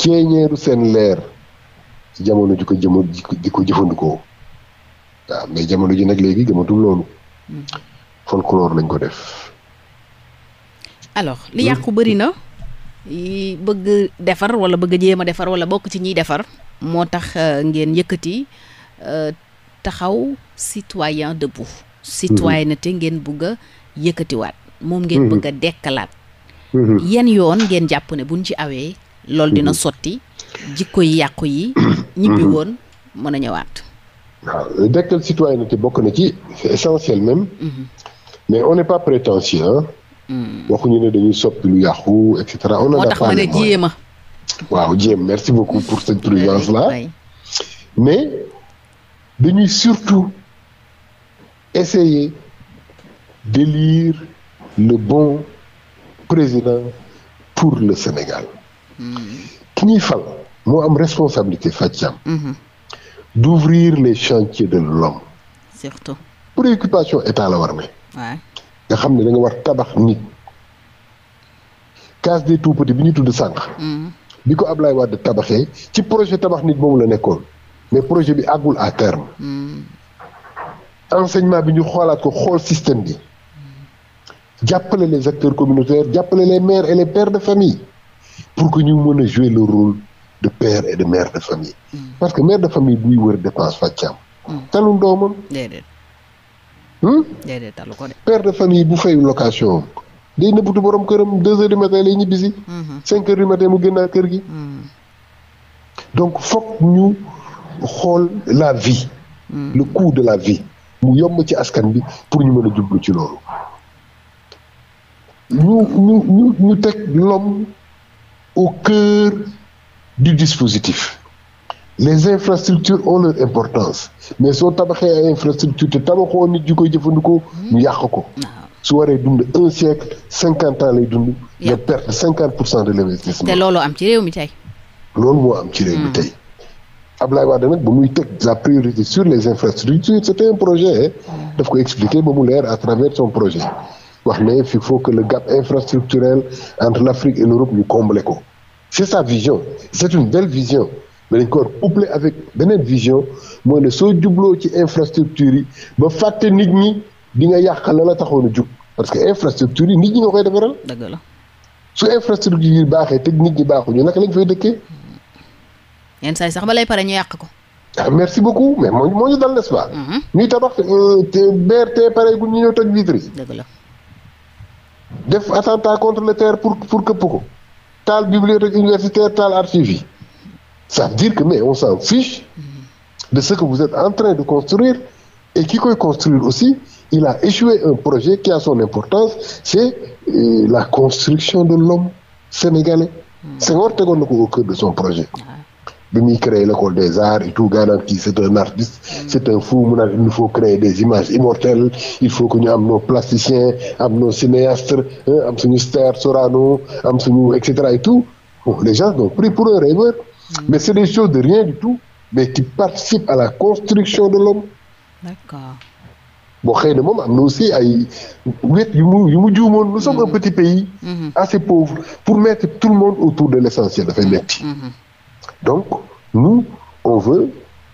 ceeñeeru seen leer ci jamono ji ko jëmo ji ko jëfandikoo waaw mais jamono ji nag léegi gëmatul loolu folklore lañ ko def alors li yàqu bëri na bëgg defar wala bëgg jéem a defar wala bokk ci ñiy defar moo tax euh, ngeen yëkkati euh, taxaw citoyen debout mm-hmm. te ngeen bëgg yëkkatiwaat moom ngeen mm-hmm. bëgg dekkalaat mm-hmm. yan yoon ngeen jàpp ne buñ ci awee loolu dina sotti jikko yi yàqu yi. ñibbi mhm. woon mën a ñëwaat. waaw Dekkal Citoyenneté bokk na ci c'est essentiel même. Mhm. mais on n'est pas prétentieux mhm. waxuñu ne dañuy soppi lu yàqu et a moo tax ma ne waaw jéem merci beaucoup pour cette prudence là mais dañuy surtout essayer d'élire le bon président pour le Sénégal. ki ñuy fal moo am responsabilité Fatia. Mhm. d'ouvrir les chantiers de l'homme surtout préoccupation état la war ne nga xam ne da war tabax nit case des tout petits bi ñu tudd sànq mhm. bi ko Ablaye Wade tabaxee ci projet tabax nit boobu la nekkoon mais projet bi àggul à terme mhm. enseignement bi ñu xoolaat ko xool système bi jàppale les acteurs communautaires jàppale les mères et les pères de famille pour que ñu mën a jouer le rôle de père et de mère de famille. Mm. parce que mère de famille buy wër dépense fàccaam. Mm. talul doomam. déedéet. Hmm? de. père famille bu fayu location am. day nëbbatu borom këram deux heures du matin lay ñibbisi. Mm-hmm. cinq heures du matin mu génnaat kër gi. Mm. donc foog ñu xool la vie. le coût de la vie. mu yomb ci askan bi pour ñu mën a jublu ci loolu. ñu ñu teg l'homme au cœur du dispositif les infrastructures ont leur importance mais soo tabaxee ay infrastructure te tabaxoo nit yu koy jëfandikoo mhm. ñu yàq ko ah. su waree dund un siècle cinquante ans lay dund cinquante pour cent de l'investissement te loolu am ci réew mi tey loolu moo am ci réew mi mm. tey Ablaye Wade nag ba muy teg la priorité sur les infrastructures c'était un projet mm. daf ko expliquer ba mu leer à travers son projet wax ne il faut que le gap infrastructurel entre l'Afrique et l'Europe ñu combler ko c'est sa vision c'est une belle vision mais dañ ko war avec beneen vision mooy ne soo jubloo ci infrastructure yi ba fàtte nit ñi di nga yàq la la taxoon jug parce que infrastructure yi nit ñi nga koy defaral. dëgg la su infrastructure yi baaxee teg nit ñi baaxuñu naka lañ fay dëkkee. yenn saa yi sax ba lay pare ñu yàq ko. ah merci beaucoup mais moo moo ñu dal n'est-ce pas. Mm-hmm. ñuy tabax euh, te BRT pareegul ñu ñëw toj vitres yi. dëgg la def attentat contre le terre pour pour këpp ko. taal bibliothèque universitaire taal archives yi veut dire que mais on s'en de ce que vous êtes en train de construire et qui koy construire aussi il a échoué un projet qui a son importance c'est euh, la construction de l'homme sénégalais Senghor tegoon na ko au de son projet bi muy créer l'école des arts et tout gaanaan kii c'est un artiste c'est un fou mu il nous faut créer des images immortelles il faut que ñu am nos plasticiens am nos cinéastes am suñu Ster Sorano am suñu et cetera et tout bon les gens l'ont pris mm. mais c'est qui participent à la construction de l'homme bon xëy na moom am na aussi ay wet yu mu yu mu juumoon nous sommes mm. un petit pays mm-hmm. assez pauvre pour mettre tout le monde autour de l'essentiel dafay mm-hmm. metti mm-hmm. Donc, nous, on veut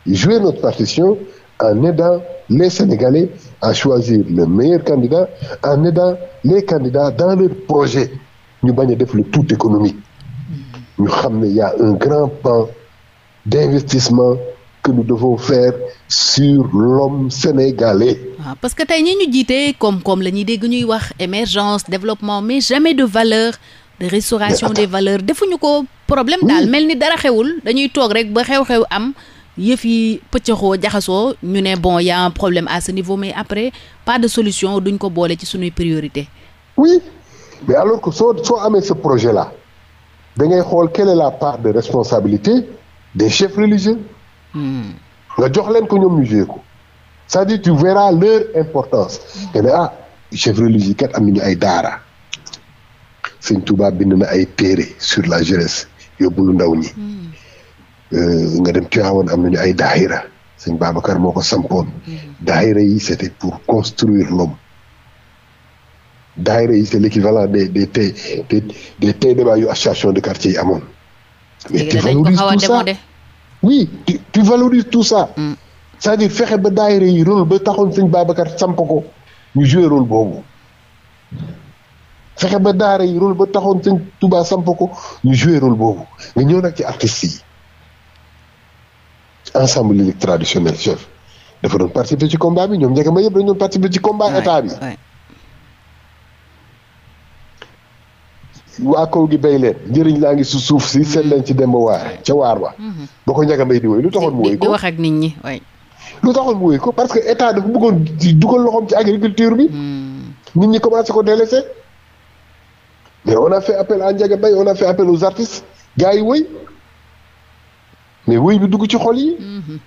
jouer notre partition en aidant les Sénégalais à choisir le meilleur candidat, en aidant les candidats dans leur projet. Nous bagnons le tout économique. Nous savons qu'il y a un grand pan d'investissement que nous devons faire sur l'homme sénégalais. Ah, parce que nous disons, comme, comme le dit, émergence, développement, mais jamais de valeur, de restauration des valeurs. Nous problème daal mel ni dara xewul dañuy toog rek ba xew-xew am yëf yi pëccëxoo jaxasoo ñu ne bon y a problème à ce niveau mais après pas de solution duñ ko boole ci suñuy priorité oui mais alors que soo soo amee ce projet la da ngay xool quelle la part de responsabilité de chefs religieux hmm. nga jox leen ko ñoom ñu ko c'est-à-dire tu verras leur importance te eh ne ah chef religieux kat am nañu ay daara Sëñ Tuubaa bind na ay téere sur la jeunesse lu ndaw ñi hmm. euh, nga dem Tivaouane am nañu ay daayira sëñ Babacar moo ko sampoon hmm. daayira yi c'était pour construire l'homme daayira yi c'est l'équivalent des tey des association de quartier yi amoon mais tu valorises tout ça oui hmm. c'est-à-dire fexe ba daayira yi rôle ba taxoon sëñ Babacar samp ko ñu joué boobu fexe ba daara yi rôle ba taxoon sëñ tubaa samp ko ñu joué rôle boobu nga ñëw nag ci artistes yi ensemble lyrique traditionnel chef dafa doon participer ci combat bi ñoom njëkk ma yëpp dañu doon participer ci combat état bi waa kaw gi bay leen njëriñ laa ngi su suuf si seet leen ci mm-hmm. demba waar ca waar wa mm-hmm. ba ko njëkk may di woy lu taxoon mu woy ko lu taxoon mu ko parce que état dafa bëggoon dugal loxoom ci agriculture bi mm. nit ñi commencé ko délaissé mais on a fait appel à Ndiaga Mbaye on a fait appel aux artistes gars yi wëy mais wëy bi dugg ci xol yi. Mhm.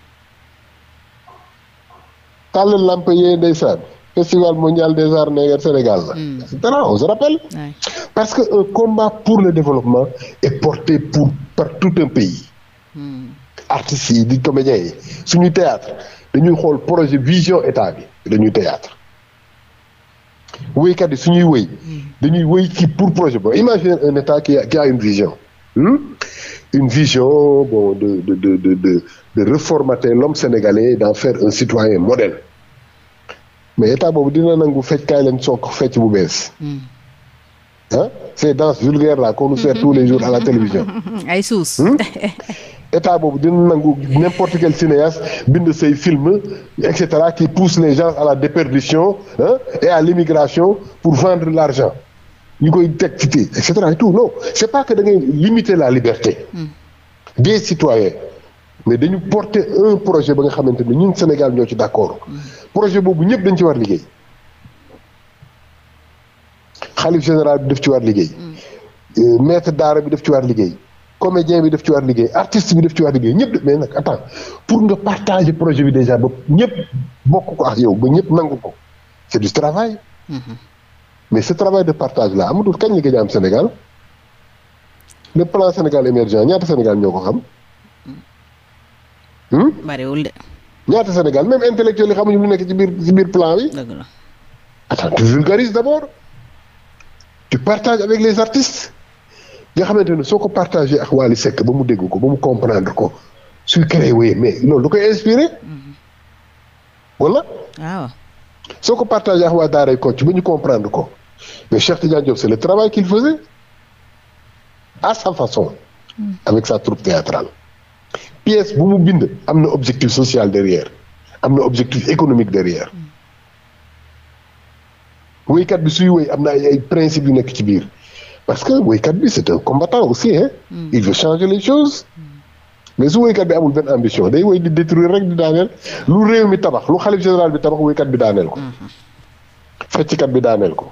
tàllal lamp yee ndeysaan festival mondial des arts nègres Sénégal la. Mm. et parce que un euh, combat pour le développement et porté pour par tout un pays. Mm. yi di comédiens yi suñuy théâtre dañuy xool projet vision état bi dañuy théâtre wéykat yi suñuy wéy ñuy wéy ci pour projet boo imaginez un état qui a qui a une vision hmm? une vision bon de de l'homme sénégalais d'en faire un citoyen modèle mais état boobu dina nangu fecc kaay leen soog fecc bu bees. ah ces danses vulgaires là qu'on nous hmm. tous les jours à la télévision. ay suus. Hmm? état boobu dina nangu n'importe quel cinéaste bind say film et cetera qui pousse les gens à la déperdition hein, et à l'immigration pour vendre l'argent ñu koy teg ci et cetera et tout non c'est pas que da ngay limiter la liberté hmm. des citoyens mais dañu porter un projet ba nga xamante ne ñun Sénégal ñoo ci d'accord hmm. projet boobu ñëpp dañ ci war liggéey xalif général bi def ci war liggéey hmm. euh, maître daara bi def ci war liggéey comédien bi def ci war liggéey artiste bi daf ci war liggéey ñëpp mais nag attends pour nga partager projet bi déjà ba ñëpp bokk ko ak yow ba ñëpp nangu ko c'est du travail mm-hmm. mais ce travail de partage là amatul kañ la gëj a am Sénégal le plan Sénégal émergent ñaata Sénégal ñoo ko xam. Hmm? Mm-hmm. bariwul de. ñaata Sénégal même intellectuel xamuñu lu nekk ci biir ci biir plan bi. dëgg la attends tu vulgarises d'abord tu partages avec les artistes. nga xamante ne soo ko partagé ak Wally Seck ba mu dégg ko ba mu comprendre ko suy créé wéy mais loolu da koy inspiré. wala. Mm-hmm. Ah soo ko partagé ak waa Daaray Kocc ba ñu comprendre ko mais Cheikh Tidiane Diop c'est le travail qu'il faisait à sa façon. Mm. avec sa troupe théâtrale. pièce bu mu bind am na objectif social derrière am na objectif économique derrière. Mm. wéykat bi suy wéy am na ay ay yu nekk ci biir. parce que woykat bi c'est un combattant aussi hein. Mm. il veut changer les choses. mais su waykat bi amul benn ambition day woy di détruire rek di daaneel lu réew mi tabax lu xalif général bi tabax woykat bi daaneel ko. Hmm. fecckat bi daaneel ko.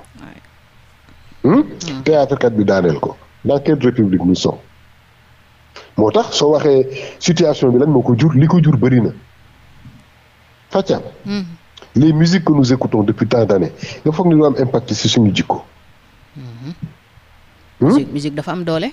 Hmm? Hmm. théâtre kat bi daaneel ko. dans quelle république nous sommes. moo tax soo waxee situation bi lan moo ko jur li ko jur bëri na. Fatia. les musiques que nous écoutons depuis tant d'années nga foog ni lu am impact ci suñu jikko. Hmm? musique musique dafa am doole.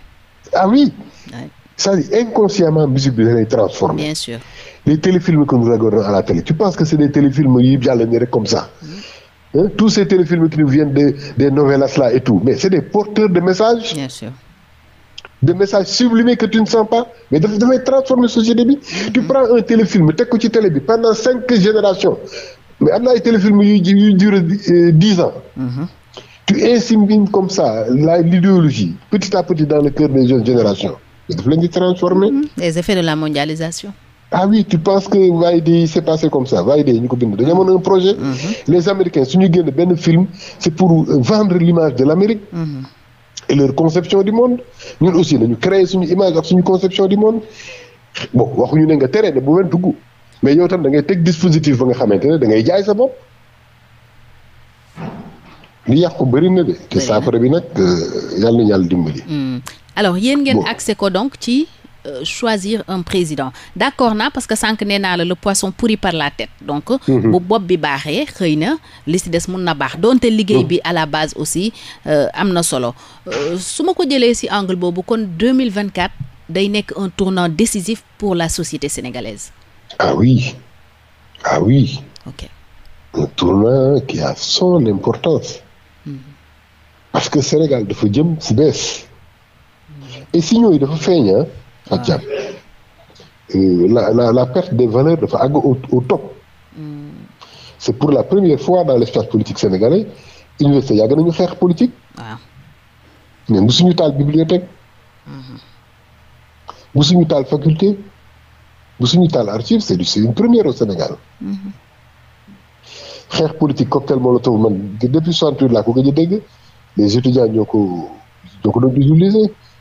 ah oui. Ouais. cest inconsciemment musique bi da lay transformer. bien sûr les téléfilms que nous regardons à la télé tu penses que c'est des téléfilms yi jàll ni rek comme ça. Hmm. Hein? tous ces téléfilms qui nous viennent des des là et tout mais c'est des porteurs de message bien sûr. de messages sublimés que tu ne sens pas mais daf dafay transformer société bi. Hmm. tu prends un téléfilm teg ko ci télé bi pendant cinq générations mais am na ay téléfilms yuy yuy durer euh, dix ans. Mm-hmm. tu insémines comme ça l'idéologie petit à petit dans le cœur des jeunes générations daf leen transformer. Mm-hmm. les effets de la mondialisation. ah oui tu penses que Vaidé c'est passé comme ça Vaidé ñu ko bind dañoo amoon un projet. Mm -hmm. les américains su ñu génn benn film c'est pour euh, vendre l'image de l'Amérique. Mm -hmm. et leur conception du monde ñun aussi nañu créer suñu image ak suñu conception du monde bon waxuñu ne nga tere ne bu wen dugg mais yow tam da ngay teg ba nga xamante ne da ngay jaay sa bopp. li yàqu bëri bi nag euh, yàlla na yàlla dimbali. Hmm. alors yéen ngeen accès ko donc ci euh, choisir un président d' accord naa parce que sànq nee naa la le poisson pourrit par la tête donc. Mhm. bu bopp bi baaxee xëy na li si des mun na baax donte liggéey bi à la base aussi euh, am na solo su ma ko jëlee si angle boobu kon 2024 day nekk un tournant décisif pour la société sénégalaise. ah oui ah oui. ok tournant qui a son importance. parce que Sénégal dafa jëm si bees et signaux yi dafa feeña ah, ak jàmm ah. euh, la la perte de valeurs dafa àgg au au hmm. c'est pour la première fois dans l'espace politique sénégalais université yàgg nañu xeex politique mais musuñu taal bibliothèque hmm. musuñu taal faculté musuñu taal archive c'est du une première au Sénégal hmm. xeex politique cocktail molotov man depuis soixante-huit laa ko gëj dégg les utiliser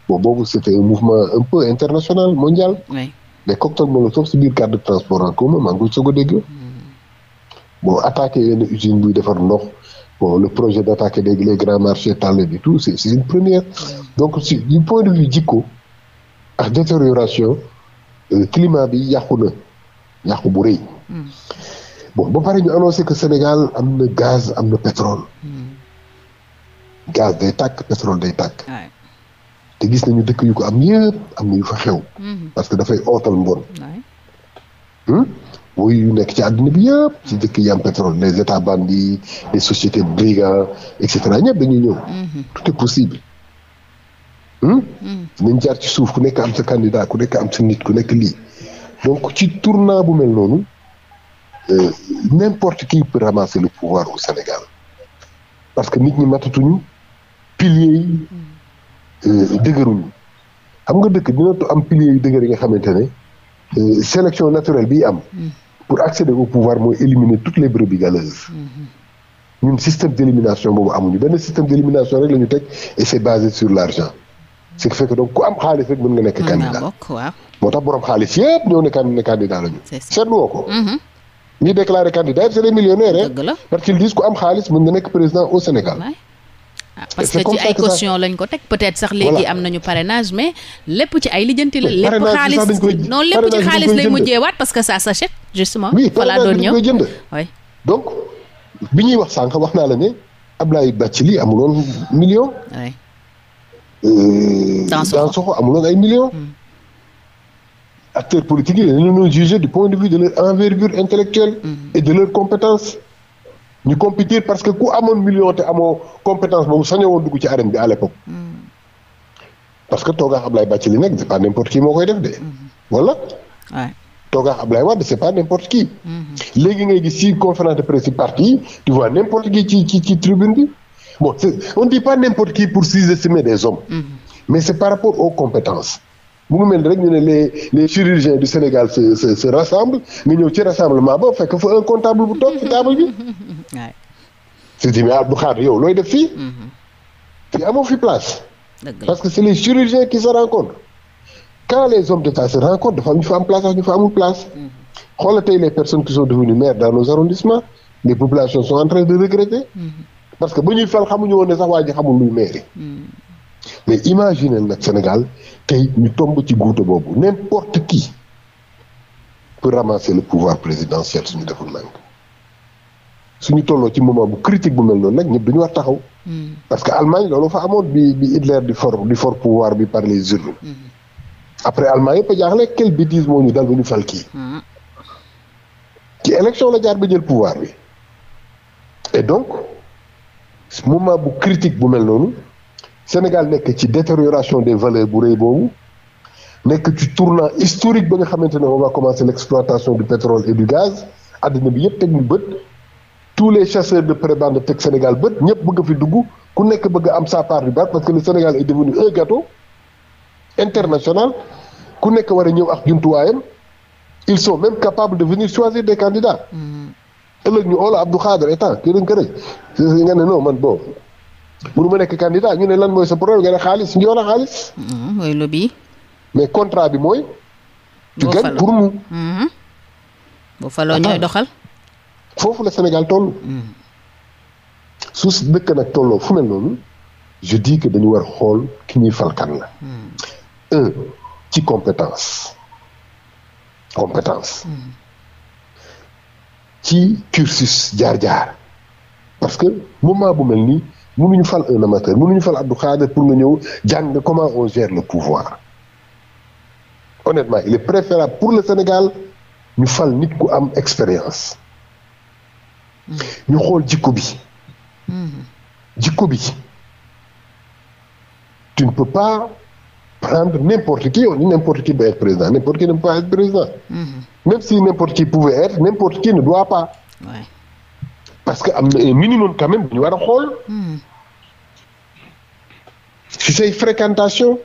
boobu c'était un mouvement un peu international mondial. oui mais cocktail molotov si biir carte de transport en maa ngi koy soog a dégg. Hmm. bon yenn usine buy defar ndox bon le projet d'attaquer les les grands marchés tàlle bi tout c'est une première. donc si de vue jikko ak détérioration euh, climat bi yàqu na yàqu bu rëy. Hmm. bon ba pare ñu annoncé que Sénégal am na gaz am na pétrole. Hmm. gaz day tàkk pétrole day tàkk. te gis nañu dëkk yu ko am yëpp am na yu fa xew. Mm-hmm. parce que dafay ootal mbon. mooy hmm? nekk ci àdduna bi yëpp ci dëkk yi am pétrole les états bandits les sociétés brigands et cetera ñëpp dañuy mm-hmm. hmm? mm-hmm. ci suuf ku nekk am sa candidat ku nekk euh, que nit ñi matatuñu. piliers yi mm. euh, dëgërul xam nga dëkk dina am piliers yu dëgër yi nga xamante ne euh, sélection naturelle bi am mm. pour accéder au pouvoir mooy éliminer toutes les brebis galeuses mm-hmm. ñun système d'élimination boobu amuñu benn système d'élimination rek la ñu teg et c'est basé sur l'argent ce qui fait que donc ku am xaalis rek mën nga nekk candidat moo tax borom xaalis yëpp ñëw ne candidat la ñu seetlu woo ko mm-hmm. ñi déclaré candidat yëpp c'est des millionnaires rek parce qu'ils disent ku am parce que ci ay caution lañ ko teg peut-être sax léegi am nañu parrainage mais lépp ci ay lijjanti la lépp xaalis non lépp ci xaalis lay mujjeewaat parce que ça s'achète justement voilà doon ñëw koy jënd donc bi ñuy wax sànq wax naa la ne Ablaye Bathily amuloon million euh, Dansokho amuloon ay million hmm. acteurs politiques yi dañu doon juger du point de vue de leur envergure intellectuelle hmm. et de leurs compétences ñu compétir parce que ku amoon million te amoo compétence boobu sañoo woon dugg ci arène bi à l'époque mm. parce que toogaax Ablaye Bathily nag c'est pas n'importe qui moo koy def de. Mm-hmm. voilà. waay toogaax Ablaye Wade c'est pas n'importe qui. Mm-hmm. léegi ngay gis ci de presse parti tu vois n'importe qui ci tribune bi bon on dit pas n'importe qui pour sous-estimer des hommes. Mm-hmm. mais c'est par rapport aux compétences. mu ngi mel rek ñu ne les les du Sénégal si si mais xaar yow looy def fii. fii mm-hmm. amoo fi place. parce que c'est les chirurgiens qui se rencontrent. quand les hommes d'État se rencontrent dafa am ñu fa am place ak ñu fa amul place. Mm-hmm. xoolal tey les personnes qui sont devenues maires dans nos arrondissements les populations sont en de regretter. Mm-hmm. parce que ba ñuy fal xamuñu woon ne sax waa ji xamul luy maire mais imagine nag Sénégal tey ñu tomb ci guuta boobu n'importe qui peut ramasser le pouvoir présidentiel suñu deful nank suñu tolloo ci moment bu critique bu mel noonu nag ñëpp dañu wax taxaw. Hmm. parce que Allemagne loolu fa amoon bi bi leer di for di for pouvoir bi par les urnes. Hmm. après Allemagne yëpp a jaaxle quelle bêtise moo ñu dal ba ñu fal kii. Hmm. ci la jaar ba jël pouvoir bi. et donc moment bu critique bu mel noonu Sénégal nekk ci détérioration des valeurs bu rëy boobu. nekk ci tournant historique ba nga xamante ne on va commencer l'exploitation du pétrole et du gaz àddina bi yëpp teg bët tous les chasseurs de prébendes teg Sénégal bët ñëpp bëgg fi dugg ku nekk bëgg am sa part du bac parce que le Sénégal est devenu un gâteau international ku nekk war a ñëw ax jumtuwaayam il sont même capables de venir choisir des candidats. Mm. ëllëg ñu oola Abdou Khadre état kërën kërën nga ne non man bon mënu ma nekk candidat ñu ne lan mooy sa problème nga ne xaalis ñu a xaalis. Mm-hmm, mooy lobby. mais contrat bi mooy. tu boo mm-hmm. faloo ñooy doxal. foofu la Sénégal toll. Hmm. su dëkk nag tolloo fu mel noonu je dis que dañu war xool ki ñuy fal kan la. Hmm. ci compétence hmm. ci cursus jaar-jaar. parce que moment bu mel nii mënuñu fal un amateur mënuñu fal Abdou Khader pour nga ñëw jàng comment on gère le pouvoir honnêtement il est préférable pour le Sénégal ñu fal nit ku am expérience. ñu xool jikko bi mm-hmm. jikko bi tu ne peux pas prendre n'importe qui on dit n'importe qui doit être président n'importe qui ne peut pas être président mm-hmm. même si n'importe qui pouvait être n'importe qui ne doit pas parce que am na un minimum quand même bu ñu war a xool ci mm-hmm. say fréquentation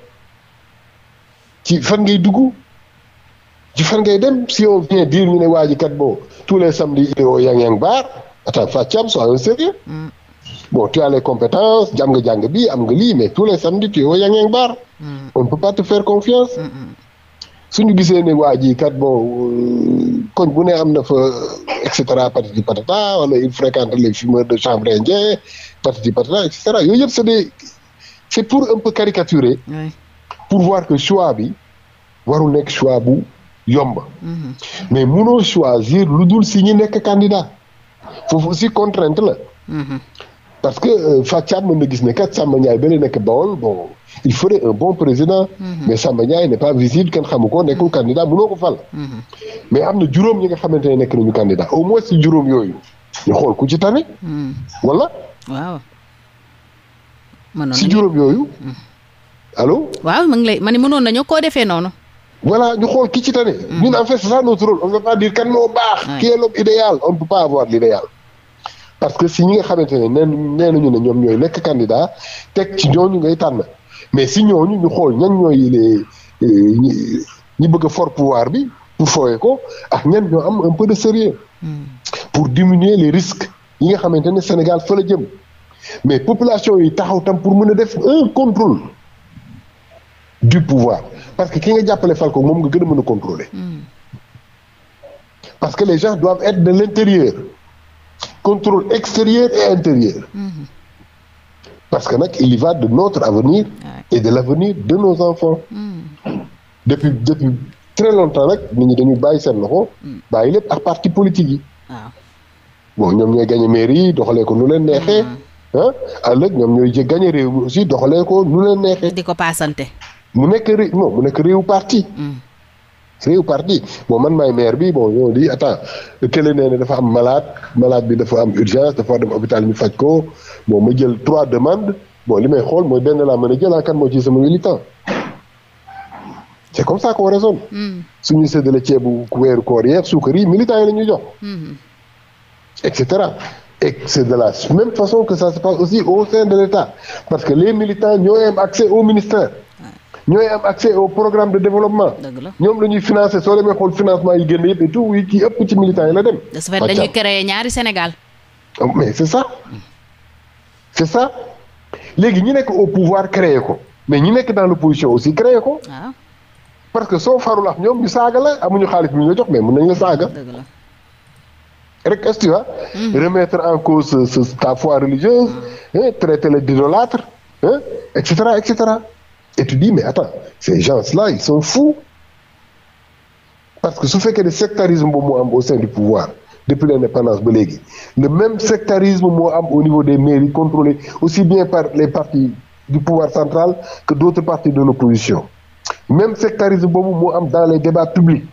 ci fan ngay dugg ci fan ngay dem si on vient dire ñu ne waa ji kat bon tous les samedis il est au Yang Yang Bar attends Fathiam soyons sérieux mm. bon tu as les compétences jàng jàng bi am nga lii mais tous les samedis tu es au Yang Yang Bar mm. on ne pas te faire confiance suñu gisee ne waa ji kat bon euh, koñ bu nee am na fa et cetera patati patata wala il fréquente les fumeurs de chanvre indien patati patata et cetera yooyu yëpp c'est des c'est pour un peu caricaturer oui. pour voir que choix bi nekk choix yomb. Mhm. mais mënoo choisir lu dul si ñi nekk candidat foofu aussi contrainte la. Mhm. parce que euh, Fatia mën na gis ne kat Samba Ndiaye nekk Bawol bon il ferait un bon président. Mhm. mais Samba Ndiaye n'est pas visible kenn xamu ko nekkul candidat mënoo ko fal. mais am na juróom ñi nga xamante ne nekk nañu candidat au moins si juróom yooyu ñu xool ku ci tane. wala. waaw. mënoon si juróom yooyu. allo. waaw ma ngi lay ma ne mënoon nañu koo defee noonu. voilà ñu xool ki ci tane. Mm. ñun en fait c'est ça notre rôle on pas dire kan moo baax. Mm. qui est l'homme idéal on ne peut pas avoir l'idéal parce que si ñi nga xamante ne nee nañu ne ñoom ñooy nekk candidat teg ci ñooñu ngay tànn mais si ñooñu ñu xool ñan ñooy les euh, ñi bëgg a for pouvoir bi pour fooye ko ak ñan ñoo am un peu de sérieux mm. pour diminuer les risques yi nga xamante ne Sénégal fa la jëm mais population yi taxaw tam pour mën a def un contrôle du pouvoir parce que ki nga jàppale fal ko moom nga gën a mën a hmm. parce que les gens doivent être de l'intérieur contrôle extérieur et intérieur hmm. parce que nag il y va de notre avenir et de l'avenir de nos enfants hmm. depuis depuis très longtemps nag nit ñi dañuy bàyyi seen loxo bàyyi lépp ak parti politique yi ah. bon ñoom ñooy gagné mairie yi doxalee ko nu leen neexee ah ëllëg ñoom ñooy gagné réew mi aussi doxalee ko nu leen neexee di ko paasante mu nekk ré nekk réew parti hmm. réew parti bon man maay maire bi boo ñoo di attends kële nee ne dafa am malade malade bi dafa am urgence dafa dem hôpital ñu faj ko bon ma jël trois demandes bon li may xool mooy benn laa mën a jël ah, kan moo ci sama militant c'est comme ça qu'on raisonne hmm. suñu séddale ceebu weeru koor yeeg suukar yi militants yi ñu ñuy jox hmm. et cetera et c'est de la même façon que ça se passe aussi au sein de l'État parce que les militants ñoo am accès au ministère ñooy am accès au programme de développement. ñoom la ñuy financer soo demee xool financement yi génn yëpp et tout yi ci ëpp ci militants yi la dem. de ce fait dañuy créer oh, mais c'est ça c'est ça léegi ñi nekk au pouvoir créer ko mais ñi nekk dans l'opposition aussi créer ko. Ah. parce que soo farul ak ñoom ñu saaga la amuñu xaalis ñu la jox mais mën nañ la saaga. rek est-ce que tu vois hmm. remettre en cause sa ta foi religieuse. Hmm. traité le d'idolâtre et cetera et cetera. Et tu dis, mais attends, ces gens-là, ils sont Parce que su fekkee ne sectarisme boobu moo am au sein du pouvoir depuis l'indépendance ba léegi le même sectarisme moo am au niveau des mairies contrôlées aussi bien par les partis du pouvoir central que d'autres partis de l'opposition même sectarisme boobu moo am dans les débats publics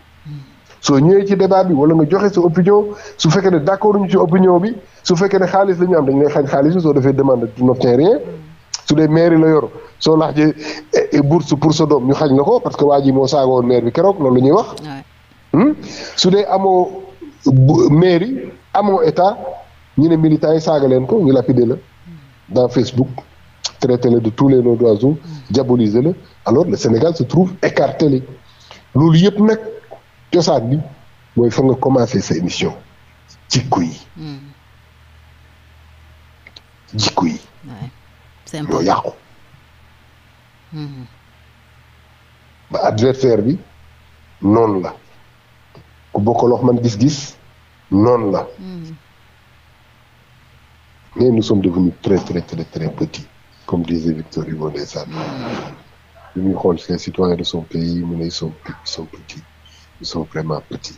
soo ñëwee ci débat bi wala nga joxe sa opinion su fekkee ne d'accord ñu ci opinion bi su fekkee ne xaalis la am dañ lay xañ xaalis bi soo defee demande tu n'obtiens rien su dee mairie la yor soo laaj ji eh, eh, bourse pour sa doom ñu xañ la ko parce que waa ji moo saaga woon maire bi keroog loolu ñuy wax. Hmm? su dee amoo mairie amoo état ñu ne militants yi saaga leen ko ñu lapidé la dans Facebook traité la de tous les noms d'oiseaux diabolisé la alors le Sénégal se trouve écarté li loolu yëpp nag cosaan bi mooy fa nga commencé sa émission jikko yi. Hmm. jikko yi. c'est yàqu. Hmm. ba adversaire bi noonu la ku bokkul wax man gis-gis noonu la. Hmm. mais nous sommes devenus très très très très petits comme disait Victor Hugo ndeysaan. Hmm. lu ñuy xool les citoyens de son pays mu ne ils sont ils sont petits ils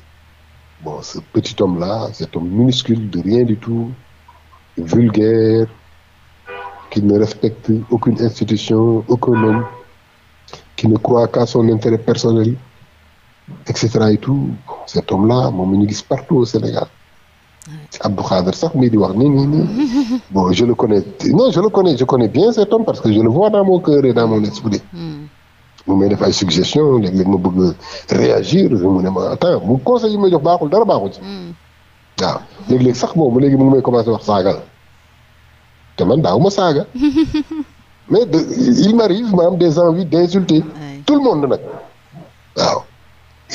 bon ce petit homme là cet homme minuscule de rien du tout vulgaire. qui ne respecte aucune institution, aucun homme, qui ne croit qu'à son intérêt personnel, etc. et tout. Cet homme-là, moom mi ñu gis partout au Sénégal. si Abdou Khader sax mii di wax ni nii nii. bon je le connais non je le connais bien cet homme parce que je le vois dans mon cœur et dans mon esprit. Hmm. mu may def ay suggestion léeg-léeg ma bëgg réagir mu ne ma attends mu conseil yi may jox baaxul dara baaxul ci. Hmm. waaw léeg-léeg sax moom léegi mu commencé wax saagal. te man daaw ma saaga mais de, il m'arrive ma am des envies d'insulter ouais. tout le monde nag waaw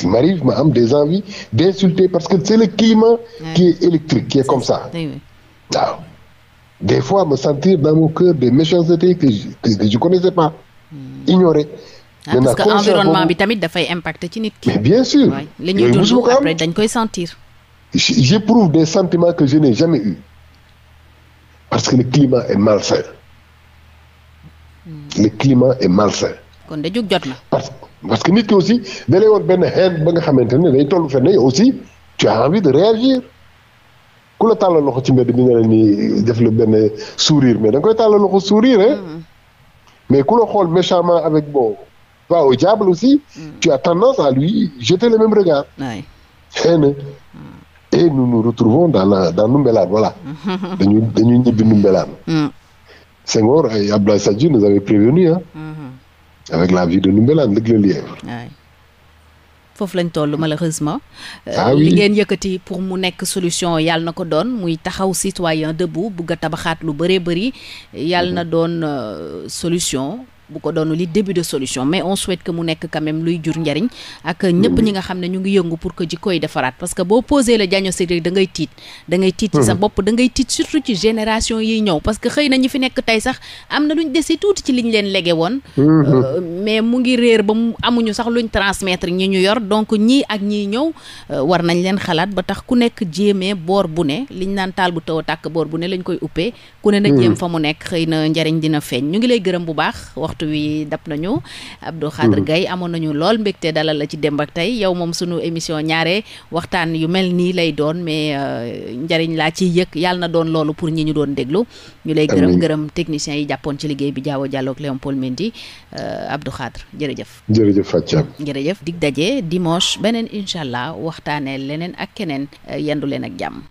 il m'arrive ma am des envies d'insulter parce que c'est le climat ouais. qui est électrique qui est, comme ça waaw des fois me sentir dans mon cœur des méchancetés que je que je connaissais pas hmm. ignorer. Ah, parce que environnement bi tamit dafay impacter ci nit mais bien sûr. li ñuy dund après dañ koy sentir. j'éprouve des sentiments que je n'ai jamais eu. parce que le climat est malsain hmm. le climat est malsain. kon da na. parce parce que nit ki aussi da lay woon benn xeet ba nga xamante ne day toll fenn aussi tu as envie de réagir ku la tàllal loxo ci mbedd bi nga ne nii def la benn sourire mais da nga koy tàllal loxo sourire hmm. mais ku la xool méchamment avec bo va au diable aussi. Hmm. tu as tendance à lui jeter le même regard. xëy et nous nous retrouvons dans la, dans Numbelan voilà dañu dañu ñibbi Numbelan mm. Senghor et Abdoulaye Sadji nous prévenu hein mm-hmm. avec la vie de Numbelan lëg la lièvre foofu lañ toll malheureusement euh, ah li ngeen yëkkati pour mu nekk solution yàlla na ko doon muy taxaw citoyen debout bugg a tabaxaat lu bëree bari yàlla na mm-hmm. doon euh, solution bu ko doonu li début de solution mais on souhaite que mu nekk quand même luy jur njariñ ak ñëpp ñi nga xam ne ñu ngi yëngu pour que jikko yi defaraat parce que boo posé le diagnostic rek da ngay tiit da ngay tiit ci sa mhm. bopp da ngay tiit surtout ci génération yiy ñëw parce que xëy na ñu fi nekk tey sax am na luñ dese tuuti ci liñ leen lege woon mhm. euh, mais mu ngi réer ba mu amuñu sax luñ transmettre ñi ñu yor donc ñii ak ñiy ñëw euh, war nañ leen xalaat ba tax ku nekk jéemee boor bu ne liñ naan taal bu taw tàkk boor bu ne lañ koy uppee ku ne na mhm. jéem fa mu nekk xëy na njariñ dina feeñ ñu ngi lay gërëm bu baax waxtu wi dab nañu Abdou Khadre mhm. Gaye amoon nañu lool mbégte dalal la ci démb ak tey yow moom sunu émission ñaare waxtaan yu mel nii lay doon mais euh, njariñ laa ciy yëg yàlla na doon loolu pour ñi ñu doon déglu ñu lay gërëm gërëm technicien yi jàppoon ci liggéey bi Diawo Diallo ak Léon Paul Mendy euh, Abdou Khadre jërëjëf jërëjëf Fatia jërëjëf dig daje dimanche beneen incha allah waxtaanee leneen ak keneen euh, yendu leen ak jàmm